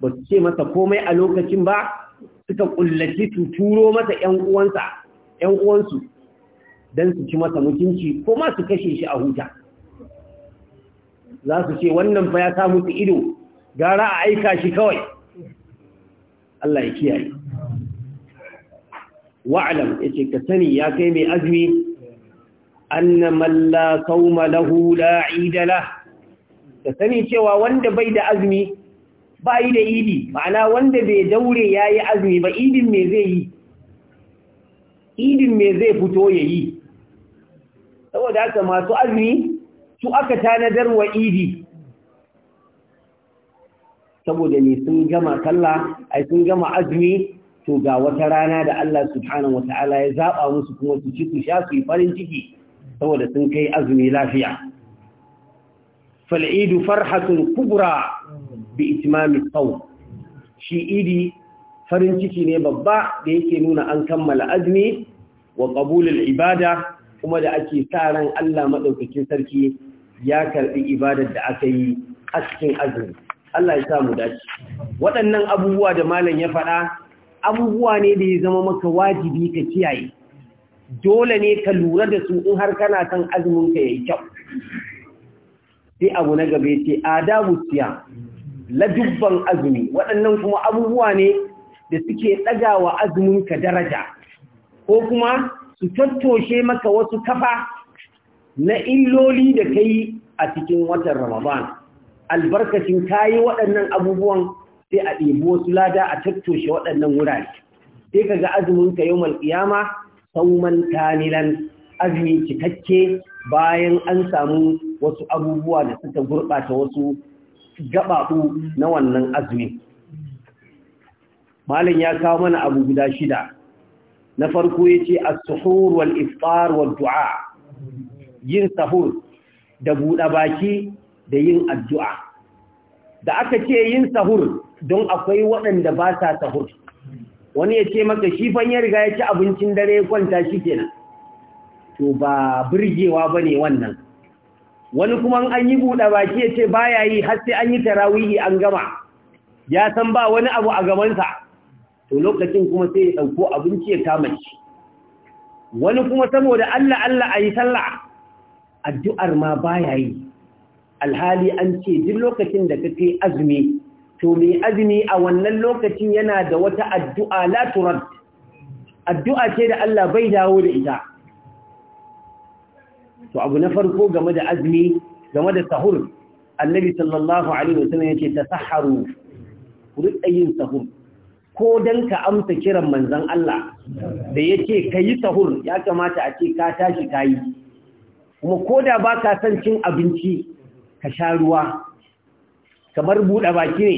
ba su ce masa komai a lokacin ba suka kullaci su turo masa ‘yan uwansa ‘yan uwansu don su ci masa mutunci ko masu kashe shi a huta za su ce wannan fa ya samu su ido gara a aika shi kawai Allah ya kiyaye wa'alam ya ce ka sani ya kai mai azumi annaman malla sauma lahu la idala ka sani cewa wanda bai da azumi ba yi da idi ma'ana wanda bai daure ya yi azumi ba idin me zai yi idin me zai fito ya yi saboda haka masu azumi su aka tanadar wa idi saboda ne sun gama kalla ai sun gama azumi to ga wata rana da Allah subhanahu wataala ya zaba musu kuma su ci su sha yi farin ciki saboda sun kai azumi lafiya fal'idu farhatun kubra bi itmami shi idi farin ciki ne babba da yake nuna an kammala azumi wa qabulul ibada kuma da ake sa ran Allah madaukakin sarki ya karbi ibadar da aka yi a cikin azumi Allah ya sa mu dace waɗannan abubuwa da malam ya faɗa abubuwa ne da ya zama maka wajibi ka kiyaye dole ne ka lura da su in har kana kan azumin ka yayi kyau sai abu na gaba ce adabu siya dubban azumi waɗannan kuma abubuwa ne da suke ɗaga wa azumin ka daraja ko kuma su tattoshe maka wasu kafa na illoli da ka a cikin watan ramadan albarkacin ta yi waɗannan abubuwan sai a ɗebi wasu lada a tattoshe waɗannan wurare sai ka ga azuminka yau malƙiyama sauman tanilan azumi cikakke bayan an samu wasu abubuwa da suka gurɓata wasu gaɓaɓu na wannan azumin malam ya kawo mana abu guda shida na farko ya ce as-suhur wal iftar wal du'a yin sahur da buɗe baki da yin addu'a da aka ce yin sahur don akwai waɗanda ba sa sahur wani ya ce maka shi ya riga ya ci abincin dare kwanta shi kenan to ba birgewa ba ne wannan wani kuma an yi buɗe baki ya ce ba ya yi har sai an yi tarawihi an gama ya san ba wani abu a gabansa to lokacin kuma sai ya ɗauko abinci ya kama shi wani kuma saboda Allah Allah a yi sallah addu'ar ma baya yi alhali an ce duk lokacin da ka kai azumi to mai azumi a wannan lokacin yana da wata addu'a laturar addu'a ce da Allah bai dawo da ita to abu na farko game da azumi game da sahur annabi sallallahu alaihi wasallam yace tasahharu ku rika yin sahur ko dan ka amsa kiran manzon Allah da yace kayi sahur ya kamata a ce ka tashi kayi kuma koda ka son cin abinci ka sha ruwa kamar buɗe baki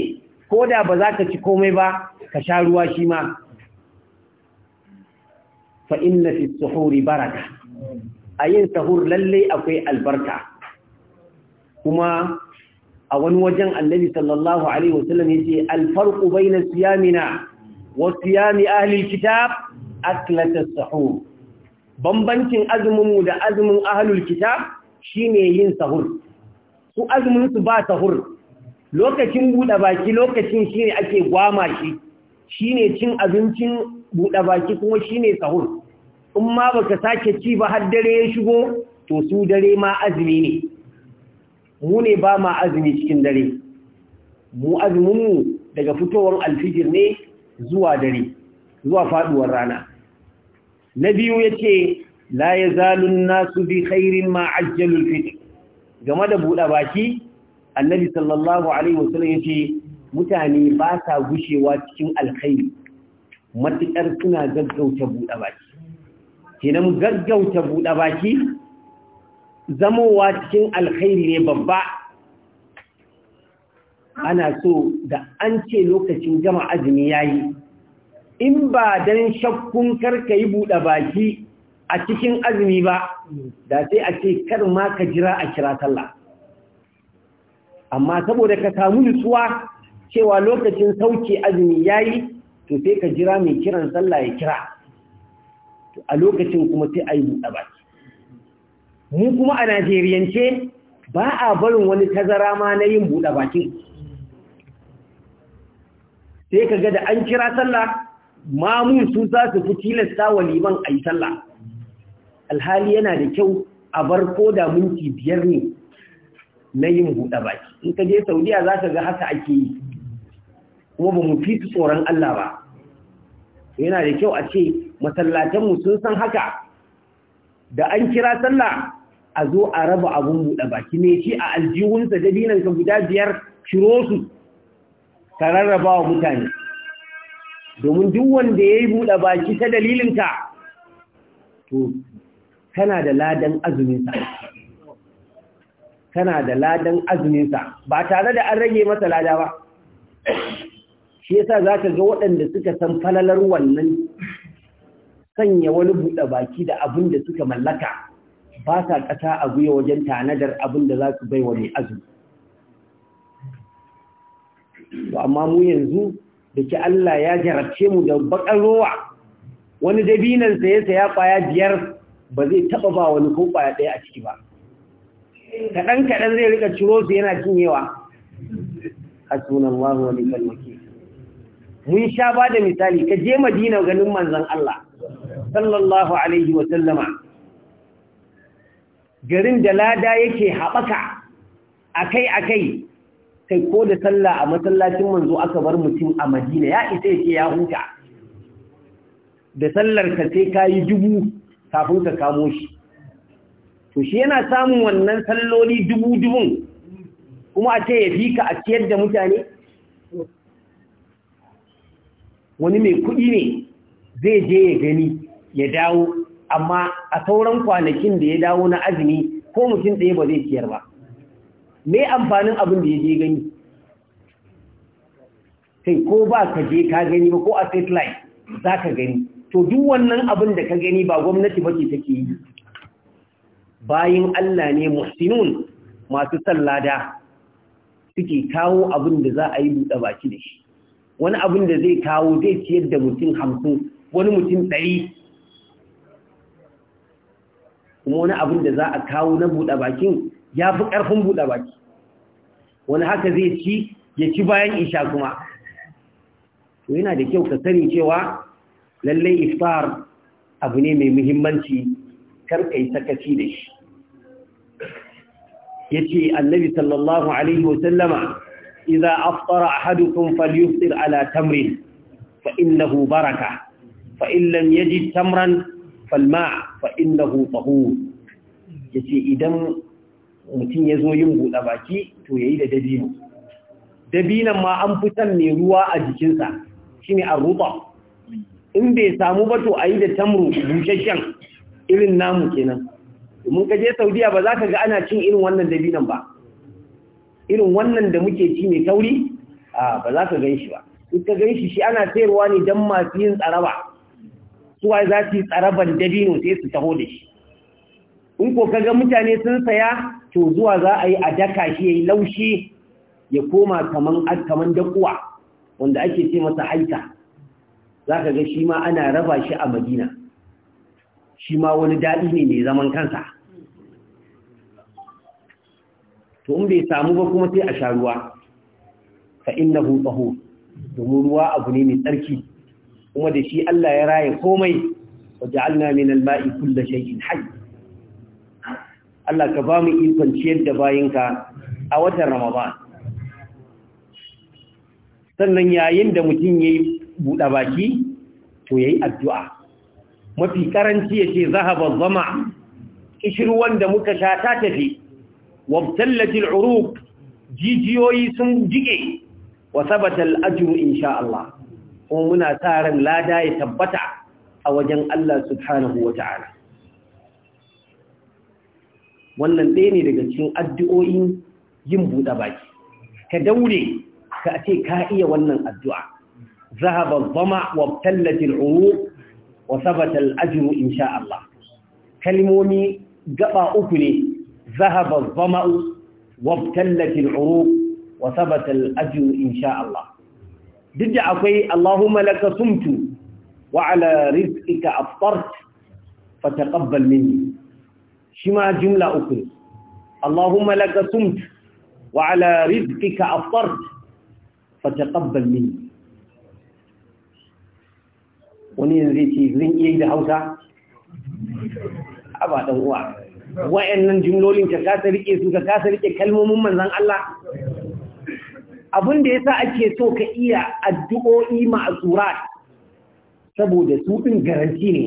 ne da ba za ka ci komai ba ka sha ruwa shi ma fa inna fi suhuri baraka a yin sahur lallai akwai albarka kuma a wani wajen annabi sallallahu alaihi wasallam yace farqu bayna siyamina wasiyami ahlil kitab aklatas sahur bambancin azumin mu da azumin ahlul kitab shine yin sahur su azumin su ba sahur lokacin buɗe baki lokacin shine ake gwama shi shine cin abincin buɗe baki kuma shine sahur in ma baka sake ci ba har dare ya shigo to su dare ma azumi ne mu ne ba ma azumi cikin dare mu azumin mu daga fitowar alfijir ne zuwa dare zuwa faduwar rana na biyu yace la yazalun nasu bi khairin ma ajjalul fitr game da buda baki annabi sallallahu alaihi wasallam yace mutane ba sa gushewa cikin alkhairi matukar suna gaggauta buda baki kenan gaggauta buda baki zamowa cikin alkhairi ne babba ana so da an ce lokacin gama azumi yi, in ba don shakkun karka yi buɗe baki a cikin azumi ba da sai a ce kar ma ka jira a kira sallah amma saboda ka samu nutsuwa cewa lokacin sauke azumi ya yi, to sai ka jira mai kiran sallah ya kira a lokacin kuma sai a yi buɗe baki mu kuma a najeriyance ba a barin wani tazara ma na yin buɗe bakin sai ka ga da an kira sallah mamun su za su fi tilasta wa liman a yi sallah alhali yana da kyau a bar ko da minti biyar ne na yin buɗe baki in ka je saudiya za ka ga haka ake yi kuma ba mu fi su tsoron allah ba yana da kyau a ce masallatanmu sun san haka da an kira sallah a zo a raba abun buɗe baki ne shi a aljihunsa dabinan ka guda biyar shiro su ka rarraba wa mutane domin duk wanda ya yi buɗe baki ta dalilinta, to kana da ladan azuminsa kana da ladan azuminsa ba tare da an rage masa lada ba shi yasa za ka ga waɗanda suka san falalar wannan sanya wani buɗe baki da abin da suka mallaka ba sa ƙasa a guya wajen tanadar abin da za su bai wa mai azumi to amma mu yanzu da ke Allah ya jarabce mu da bakar ruwa wani dabinan ya saya kwaya biyar ba zai taba ba wani ko kwaya ɗaya a ciki ba kaɗan kaɗan zai rika ciro su yana cinyewa hasunan wahu wani kalmaki mun sha ba da misali ka je madina ganin Manzon Allah sallallahu alaihi wa sallama garin da lada yake haɓaka akai-akai kai ko da sallah a masallacin manzo aka bar mutum a madina ya isa yake ya huta da sallar ka sai ka yi dubu kafin ka kamo shi to shi yana samun wannan salloli dubu dubun kuma a ce ya fi ka a ciyar da mutane wani mai kuɗi ne zai je ya gani ya dawo amma a sauran kwanakin da ya dawo na azumi ko mutum ɗaya ba zai ciyar ba me amfanin abin da ya je gani sai ko ba ka je ka gani ba ko a satellite za ka gani to duk wannan abin da ka gani ba gwamnati ba ce take yi bayin Allah ne muhsinun masu sallada suke kawo abin da za a yi buɗe baki da shi wani abin da zai kawo zai ciyar da mutum hamsin wani mutum ɗari kuma wani abin da za a kawo na buɗe bakin ya fi ƙarfin buɗe baki wani haka zai ci ya ci bayan isha kuma to yana da kyau ka sani cewa lallai iftar abu ne mai muhimmanci kar kai sakaci da shi yace annabi sallallahu alaihi wa sallama idza aftara ahadukum falyuftir ala tamrin fa innahu baraka fa in yajid tamran falma fa innahu tahur yace idan mutum ya zo yin buɗa baki to ya yi da dabino dabinan ma an fi san mai ruwa a jikinsa shi ne an in bai samu ba to a yi da tamru bushashen irin namu kenan domin ka je saudiya ba za ka ga ana cin irin wannan dabinan ba irin wannan da muke ci mai tauri ba za ka gan shi ba in ka gan shi shi ana sayarwa ne don masu yin tsaraba suwa za su yi tsaraban dabino sai su taho da shi in ko kaga mutane sun saya to zuwa za a yi a daka shi ya yi laushi ya koma kaman kaman dakuwa wanda ake ce masa haita za ka ga shi ma ana raba shi a madina shi ma wani daɗi ne mai zaman kansa to in bai samu ba kuma sai a sha ruwa Ka innahu tahur domin ruwa abu ne mai tsarki kuma da shi Allah ya raye komai waja'alna min al-ma'i kulli shay'in hayy Allah ka ba mu ikon ciyar da bayinka a watan Ramadan sannan yayin da mutum ya yi buɗe baki to ya yi addu'a mafi ƙaranci ya ce zahaba zama ƙishirwan da muka sha ta tafi wabtallatil uruk jijiyoyi sun jige wa sabatal ajru insha Allah kuma muna tsarin lada ya tabbata a wajen Allah subhanahu wa ta'ala wannan ɗaya ne daga cikin addu'o'in yin buɗe baki ka daure ka ce ka iya wannan addu'a zahaba zama wa tallafin uru wa sabatal ajiru insha Allah kalmomi gaba uku ne zahaba zama wa tallafin uru wa sabatal ajiru Allah duk da akwai Allahumma laka sumtu wa ala rizqika fa fataqabbal minni shi ma jumla uku ne Allahumma laka sumt wa ala rizqika aftart fa taqabbal minni wani yanzu ce zan iya yi da Hausa aba dan uwa wayannan jumlolin ka kasa rike su ka kasa rike kalmomin manzon Allah Abun da yasa ake so ka iya addu'o'i ma'surat saboda su din garanti ne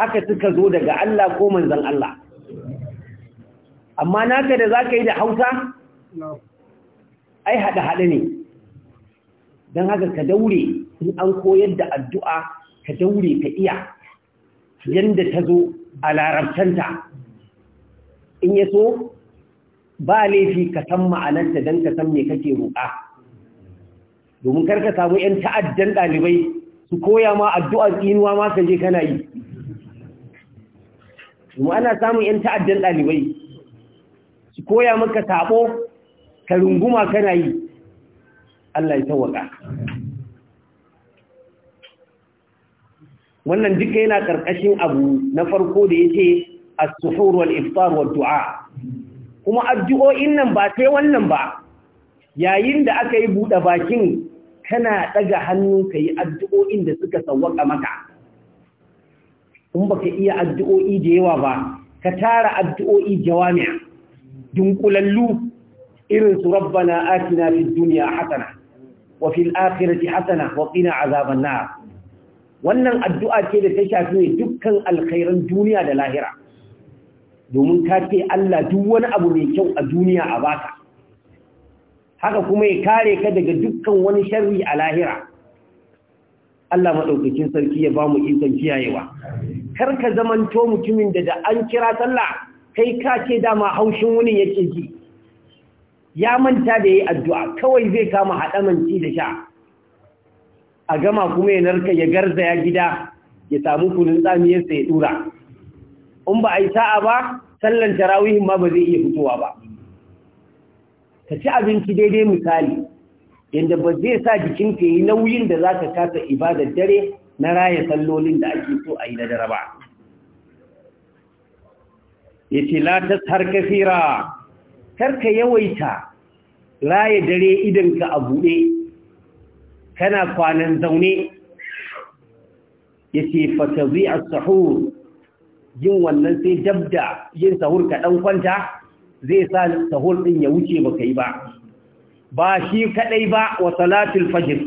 haka suka zo daga Allah ko manzon Allah amma naka da za ka yi da hauta? ai haɗe-haɗe ne don haka ka daure in an koyar da addu'a ka daure ka iya yadda ta zo a larabtanta in ya so ba laifi ka san ma'anarta don ka san me kake roƙa domin karka samu 'yan ta'addan ɗalibai su koya ma addu'ar tsinuwa ma ka je kana yi domin ana samun 'yan ta'addan ɗalibai su koya maka sabo ka runguma kana yi Allah ya tawaka wannan duka yana ƙarƙashin abu na farko da yace as-suhur wal iftar wad du'a kuma addu'o'in nan ba sai wannan ba yayin da aka yi bude bakin kana daga hannu kai addu'o'in da suka sawwaka maka in baka iya addu'o'i da yawa ba ka tara addu'o'i jawami'a dunkulallu irin su rabbana atina fid dunya hasana wa fil akhirati hasana wa qina azaban nar wannan addu'a ce da ta shafi ne dukkan alkhairan duniya da lahira domin ka ce Allah duk wani abu mai kyau a duniya a baka haka kuma ya kare ka daga dukkan wani sharri a lahira Allah madaukakin sarki ya bamu isan kiyayewa kar ka zamanto mutumin da da an kira sallah kai ka ce dama haushin wuni yake ji ya manta da yi addu'a kawai zai kama ci da sha a gama kuma ya narka ya garza ya gida ya samu kunun tsamiyarsa ya ɗura. in ba a yi sa'a ba sallan tarawihin ma ba zai iya fitowa ba ka ci abinci daidai misali yadda ba zai sa jikinka yi nauyin da za ka kasa ibadar dare na raya sallolin da ake so a yi na dare ba yace la tashar kafira ka yawaita ya dare idanka a buɗe kana kwanan zaune yace fatabi'a sahur yin wannan sai dabda yin sahur ka dan kwanta zai sa sahur din ya wuce baka yi ba ba shi kadai ba wa salatul fajr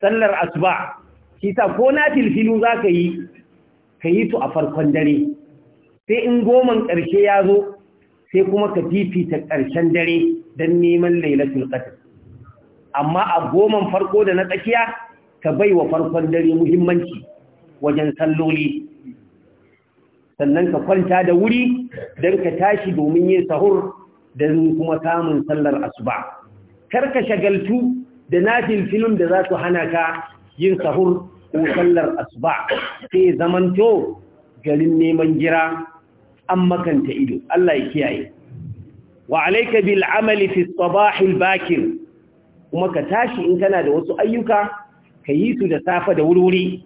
sallar asuba shi ta ko na tilfilu zaka yi kayi to a farkon dare sai in goman ƙarshe ya zo sai kuma ka fifita ƙarshen dare don neman lailatul qadr amma a goman farko da na tsakiya ka bai wa farkon dare muhimmanci wajen salloli sannan ka kwanta da wuri don ka tashi domin yin sahur don kuma samun sallar asuba kar ka shagaltu da nafin filin da za su hana ka yin sahur ko sallar asuba sai zamanto garin neman jira an makanta ido Allah ya kiyaye wa alayka bil amali fi sabah al bakir kuma ka tashi in kana da wasu ayyuka ka yi su da safa da wuri-wuri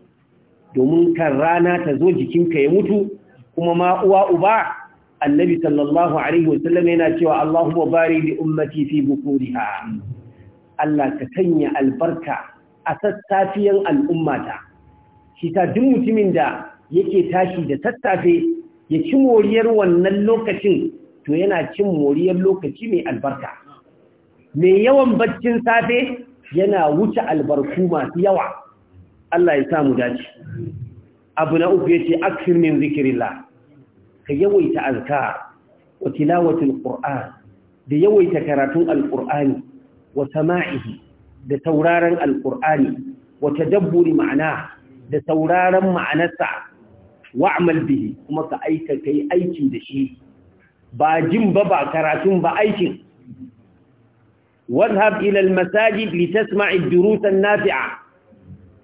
domin kan rana ta zo jikinka ya mutu kuma ma uwa uba annabi sallallahu alaihi wasallam yana cewa Allahumma bari li ummati fi bukuriha Allah ka sanya albarka a sassafiyan al'ummata shi ta duk mutumin da yake tashi da sassafe ya ci moriyar wannan lokacin to yana cin moriyar lokaci mai albarka mai yawan baccin safe yana wuce albarku masu yawa Allah ya samu dace abu na uku yace aksir min zikrillah ka yawaita azkar wa tilawatul qur'an da yawaita karatun alqur'ani wa sama'ihi da tauraron alqur'ani wa tadabburi ma'ana da sauraron ma'anarsa wa'amal bihi kuma ka aika kai aiki da shi ba jin ba ba karatun ba aikin wadhab ila almasajid litasma'i durusan durus nafia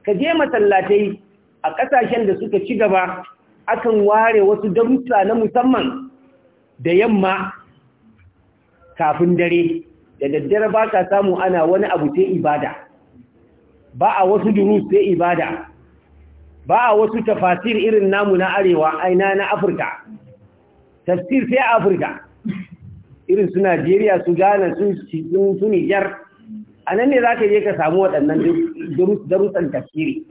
ka je masallatai a kasashen da suka ci gaba akan ware wasu darussa na musamman da yamma kafin dare da daddare ba ka samu ana wani abu sai ibada ba a wasu durus sai ibada ba a wasu tafasir irin namu na arewa aina na afirka tafsir sai afirka irin su najeriya su ghana su nijar a nan ne za ka je ka samu waɗannan darussan tafsiri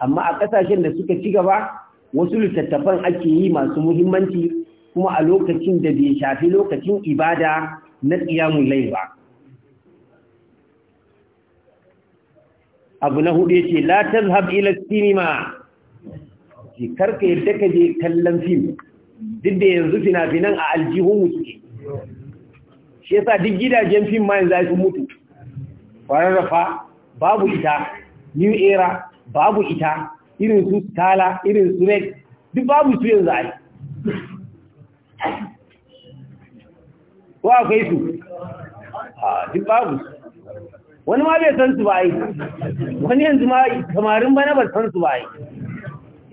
amma a ƙasashen da suka ci gaba wasu littattafan ake yi masu muhimmanci kuma a lokacin da bai shafi lokacin ibada na tsiyamun lai ba abu na hudu yace la tazhab ila sinima ki karka yadda ka je kallon fim duk da yanzu fina-finan a aljihun wuce. ne shi yasa duk gidajen fim ma yanzu sun mutu kwararrafa babu ita new era babu ita irin su tala irin su red duk babu su yanzu ai ko akwai su a ah, duk babu su wani ma bai san su ba yi wani yanzu ma kamarin ba na ba san su ba yi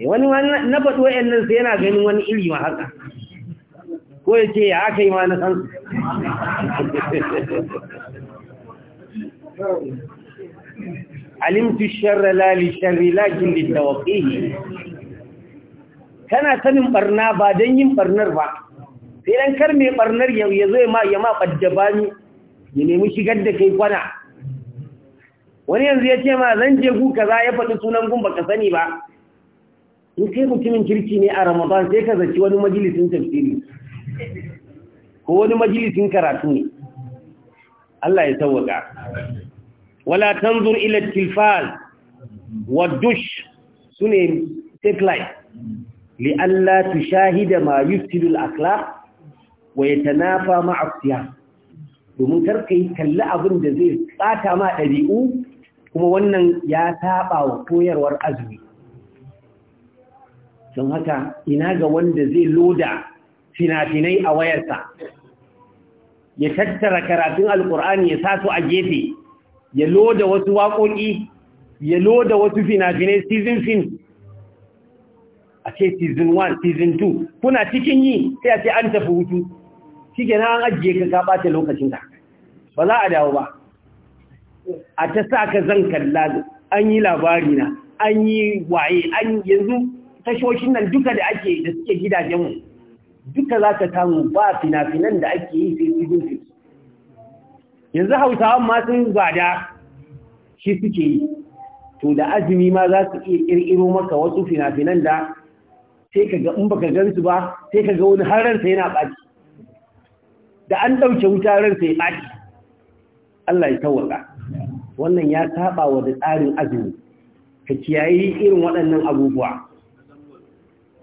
eh, wani ma na faɗi nan sai yana ganin wani iri ma haka ko ya ce ya aka yi ma na san su alimtu sharra Lali, li sharri lakin li tawqihi kana sanin barna ba don yin barnar ba sai dan kar mai barnar ya zo ya ma ɓadda ba baddabani ya nemi shigar da kai kwana wani yanzu ya ce ma zan je gu kaza ya faɗi sunan gun baka sani ba in kai mutumin kirki ne a ramadan sai ka zaci wani majalisin tafsiri ko wani majalisin karatu ne Allah ya sauwaka wala tanzur ila Tilfal wa dush sune take light li alla tushahida ma yufsidu al-akhlaq wa yatanafa ma'a siyam domin karka yi kalli abin da zai tsata ma ɗabi'u kuma wannan ya taɓa wa koyarwar azumi don haka ina ga wanda zai loda finafinai finai a wayarsa ya tattara karatun alkur'ani ya sasu a gefe ya loda wasu waƙoƙi ya loda wasu fina-finai season fin a ce season 1 season 2 kuna cikin yi sai a ce an tafi hutu shi ke an ajiye ka ka lokacin ka ba za a dawo ba a ta sa ka zan kalla an yi labari na an yi waye an yanzu tashoshin nan duka da ake da suke gidajenmu duka za ka samu ba fina-finan da ake yi sai su yi yanzu hausawan masu zada gada shi suke yi to da azumi ma za su iya ƙirƙiro maka wasu fina-finan da sai ka ga in baka gansu ba sai ka ga wani haransa yana ɓaci da an ɗauke wuta ransa ya ɓaci Allah ya tawaka wannan ya saba wa da tsarin azumi ka kiyaye irin waɗannan abubuwa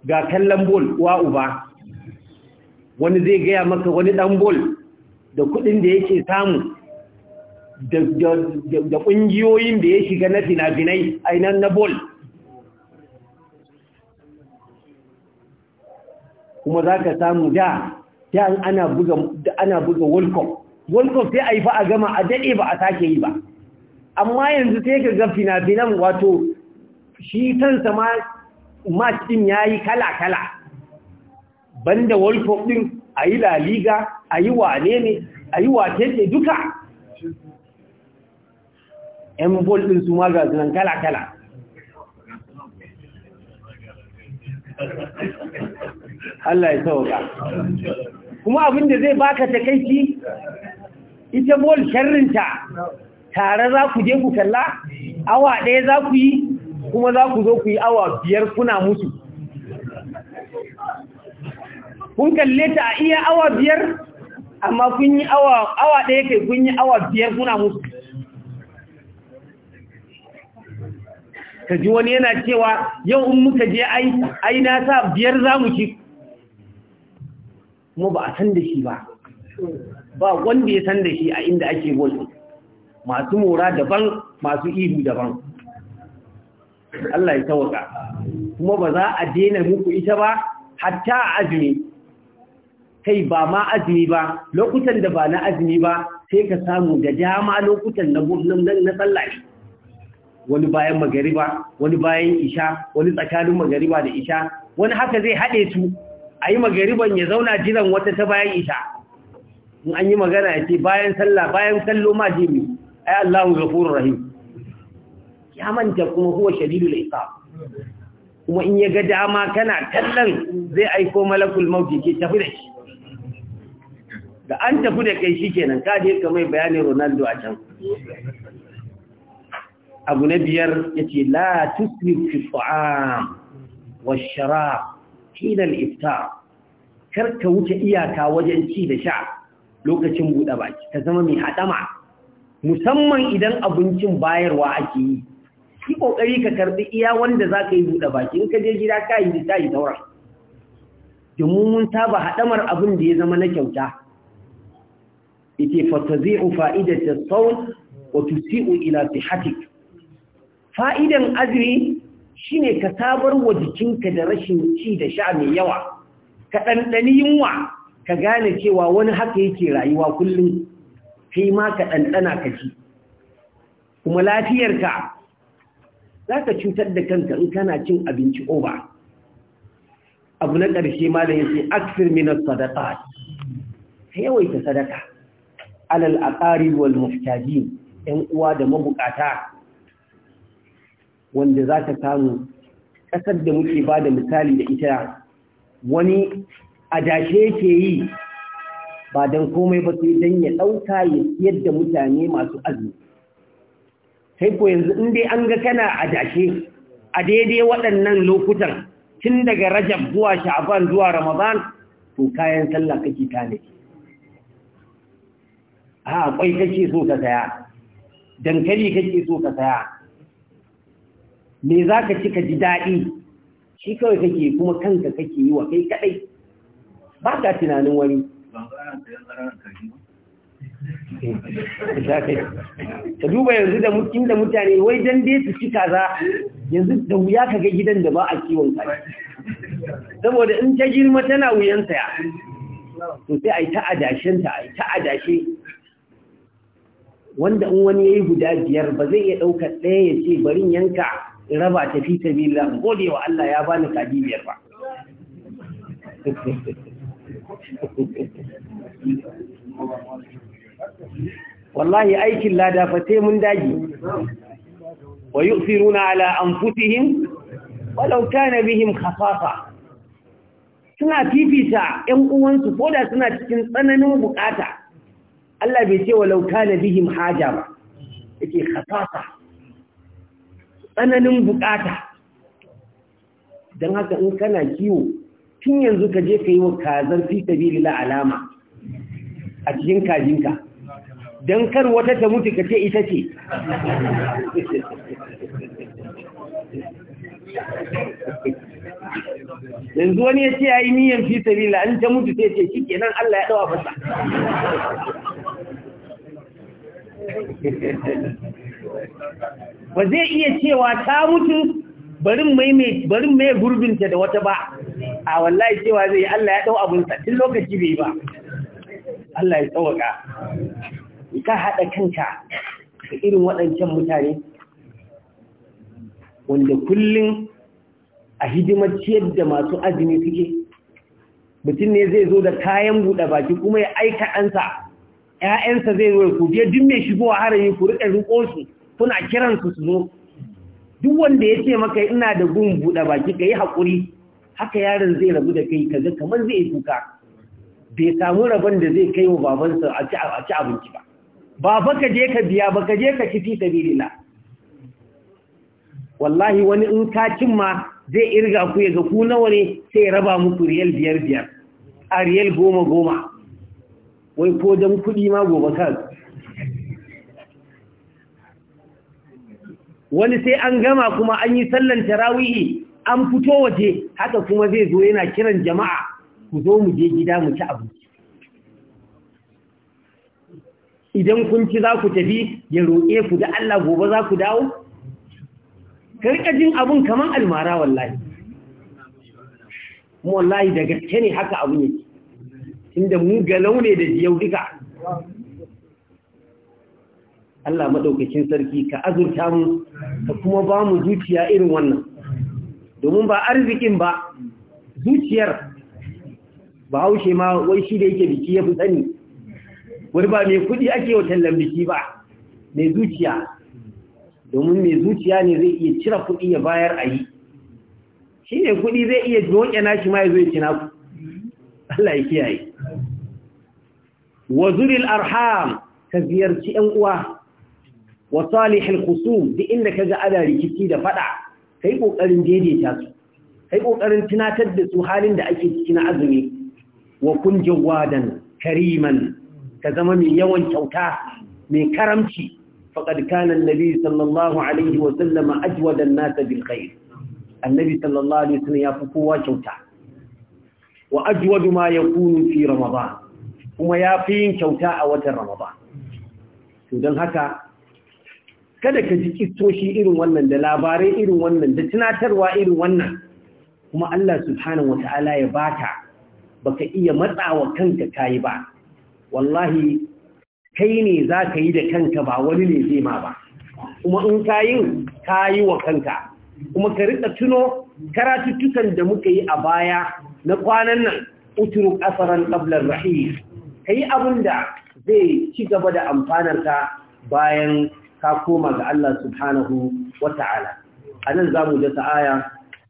ga kallon bol wa uba wani zai gaya maka wani ɗan bol da kuɗin da yake samu da ƙungiyoyin da ya shiga na finafinai finai ainihin na bol kuma za ka samu da ta ana buga world cup sai a yi fa a gama a daɗe ba a sake yi ba amma yanzu sai ka ga fina-finan wato shi kansa ma match din yi kala-kala banda world cup din yi la liga yi wane ne a yi wace ce duka yan bol din su ma ga kala-kala Allah ya sauka kuma abin da zai baka takaici ita bol sharrinta tare za ku je ku kalla awa ɗaya za ku yi kuma za ku zo ku yi awa biyar kuna mutu kun kalle ta a iya awa biyar amma kun yi awa ɗaya kai kun yi awa biyar kuna mutu ka ji wani yana cewa yau in muka je ai na sa biyar za mu ci kuma ba a san da shi ba ba wanda ya san da shi a inda ake gol masu mora daban masu ihu daban Allah ya tawaka kuma ba za a dena muku ita ba hatta azumi kai ba ma azumi ba lokutan da ba na azumi ba sai ka samu da dama lokutan na na sallah wani bayan magariba wani bayan isha wani tsakanin magariba da isha wani haka zai haɗe su a yi magariban ya zauna jiran wata ta bayan isha in an yi magana ya ce bayan sallah bayan kallo ma jimi ai Allahu ghafurur rahim ya manta kuma huwa shadidul iqab kuma in ya ga dama kana kallon zai aiko malakul mauti ke tafi da shi da an tafi da kai shikenan ka je ka mai bayanin Ronaldo a can abu na biyar yace la tusrif fi ta'am wash-sharab hina al-iftar kar ka wuce iyaka wajen ci da sha lokacin buɗe baki ka zama mai hadama musamman idan abincin bayarwa ake yi yi kokari ka karbi iya wanda zaka yi buɗe baki in ka je gida ka yi ta yi domin mun saba haɗamar abin da ya zama na kyauta ita fatazi'u as saum wa tusi'u ila sihhatik fa'idan azumi shine ka sabar wa jikinka da rashin ci da sha mai yawa ka ɗanɗani yunwa ka gane cewa wani haka yake rayuwa kullum kai ma ka ɗanɗana ka ji. kuma lafiyarka za ka cutar da kanka in kana cin abinci oba abu na ƙarshe malam yace aksir min as-sadaqat ka yawaita sadaka alal aqari wal muhtajin ɗan uwa da mabukata wanda za ka samu ƙasar da muke ba da misali da ita wani adashe yake yi ba don komai ba sai don ya ɗauka ya mutane masu azumi sai ko yanzu in dai an ga kana a dashe a daidai waɗannan lokutan tun daga rajab zuwa sha'ban zuwa ramadan to kayan sallah kake tanadi a kwai kake so ka saya dankali kake so ka saya me za ka ci ka ji daɗi shi kawai kake kuma kanka kake yi wa kai kaɗai? ba ka tunanin wani ka duba yanzu da inda mutane wai dan dai su ci kaza yanzu da wuya ka ga gidan da ba a kiwon kaji saboda in ta girma tana wuyan ya to sai a yi ta ta a yi ta wanda in wani yayi guda biyar ba zai iya ɗauka ɗaya ya ce barin yanka in raba ta fi sabila gode wa Allah ya bani kaji biyar ba wallahi aikin lada fa mun dage wa yu'thiruna ala anfusihim walau kana bihim khasasa suna fifita ƴan uwansu ko da suna cikin tsananin bukata Allah bai ce walau kana bihim haja ba yake khasasa tsananin bukata don haka in kana kiwo tun yanzu ka je ka yi wa kazar fi sabilillah alama a cikin kajinka don kar wata ta mutu ka ce ita ce yanzu wani ya ce ya yi niyan fi sabila an ta mutu ta ce shi kenan Allah ya dawa fasa ba zai iya cewa ta mutu barin mai gurbinta da wata ba a wallahi cewa zai Allah ya dau abun sa lokaci bai ba Allah ya tsawaka ka hada kanka da irin waɗancan mutane wanda kullum a hidimar ciyar da masu azumi suke mutum ne zai zo da kayan buɗe baki kuma ya aika ansa ‘ya'yansa zai zo ku biya duk mai shigowa harami ku riƙa riƙo su kuna kiransu su zo duk wanda ya ce maka ina da gun buɗe baki ka yi haƙuri haka yaron zai rabu da kai ka kamar zai kuka bai samu rabon da zai kai wa babansa a ci abinci ba ba ka je ka biya ba ka je ka ci fi sabilillah wallahi wani in ka ma zai irga ku ya ga ku nawa ne sai raba muku riyal biyar biyar a riyal goma goma wai ko don kuɗi ma gobe ka wani sai an gama kuma an yi sallan tarawihi an fito waje haka kuma zai zo yana kiran jama'a ku zo mu je gida mu ci abinci idan kun ci za ku tafi ya roƙe ku da Allah gobe za ku dawo jin abin kamar almara wallahi wallahi da gaske ne haka abin yake, inda mu galau ne da jiyau duka Allah maɗaukacin sarki ka azurta mu ka kuma ba mu zuciya irin wannan domin ba arzikin ba zuciyar ba haushe ma wai shi da yake biki ya fi sani wani ba mai kuɗi ake wa tallan biki ba mai zuciya domin mai zuciya ne zai iya cire kuɗi ya bayar a yi shi ne kuɗi zai iya doke shi ma ya zo ya ku Allah ya kiyaye wa arham ka ziyarci 'yan uwa wa salihul khusum duk inda kaga ana rikici da fada kai kokarin daidaita su kai kokarin tunatar da su halin da ake cikin azumi wa kun jawadan kariman ka zama mai yawan kyauta mai karamci faqad kana annabi sallallahu alaihi wa sallam ajwada an-nas bil khair annabi sallallahu alaihi sallam ya fi kowa kyauta wa ajwadu ma yakunu fi ramadan kuma ya fi yin kyauta a watan ramadan to don haka kada ka ji kistoshi irin wannan da labarai irin wannan da tunatarwa irin wannan kuma Allah subhanahu wata'ala ya baka baka iya matsawa kanka kayi ba wallahi kai ne za ka yi da kanka ba wani ne zai ma ba kuma in kayin kayi wa kanka kuma ka rika tuno karatuttukan da muka yi a baya na kwanan nan uturu asaran qablar rahim kai abinda zai ci gaba da amfanar ka bayan ka koma ga Allah subhanahu wa ta'ala a nan za mu dasa aya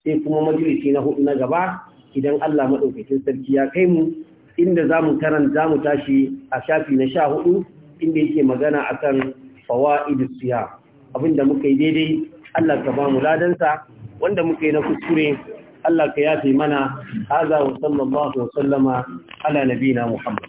sai kuma majalisi na hudu na gaba idan Allah maɗaukakin sarki ya kai mu inda za mu karanta mu tashi a shafi na sha hudu inda yake magana akan fawa'idus siya abinda muka yi daidai Allah ka ba mu ladansa wanda muka yi na kuskure Allah ka yafe mana haza wa sallallahu wa sallama ala nabina Muhammad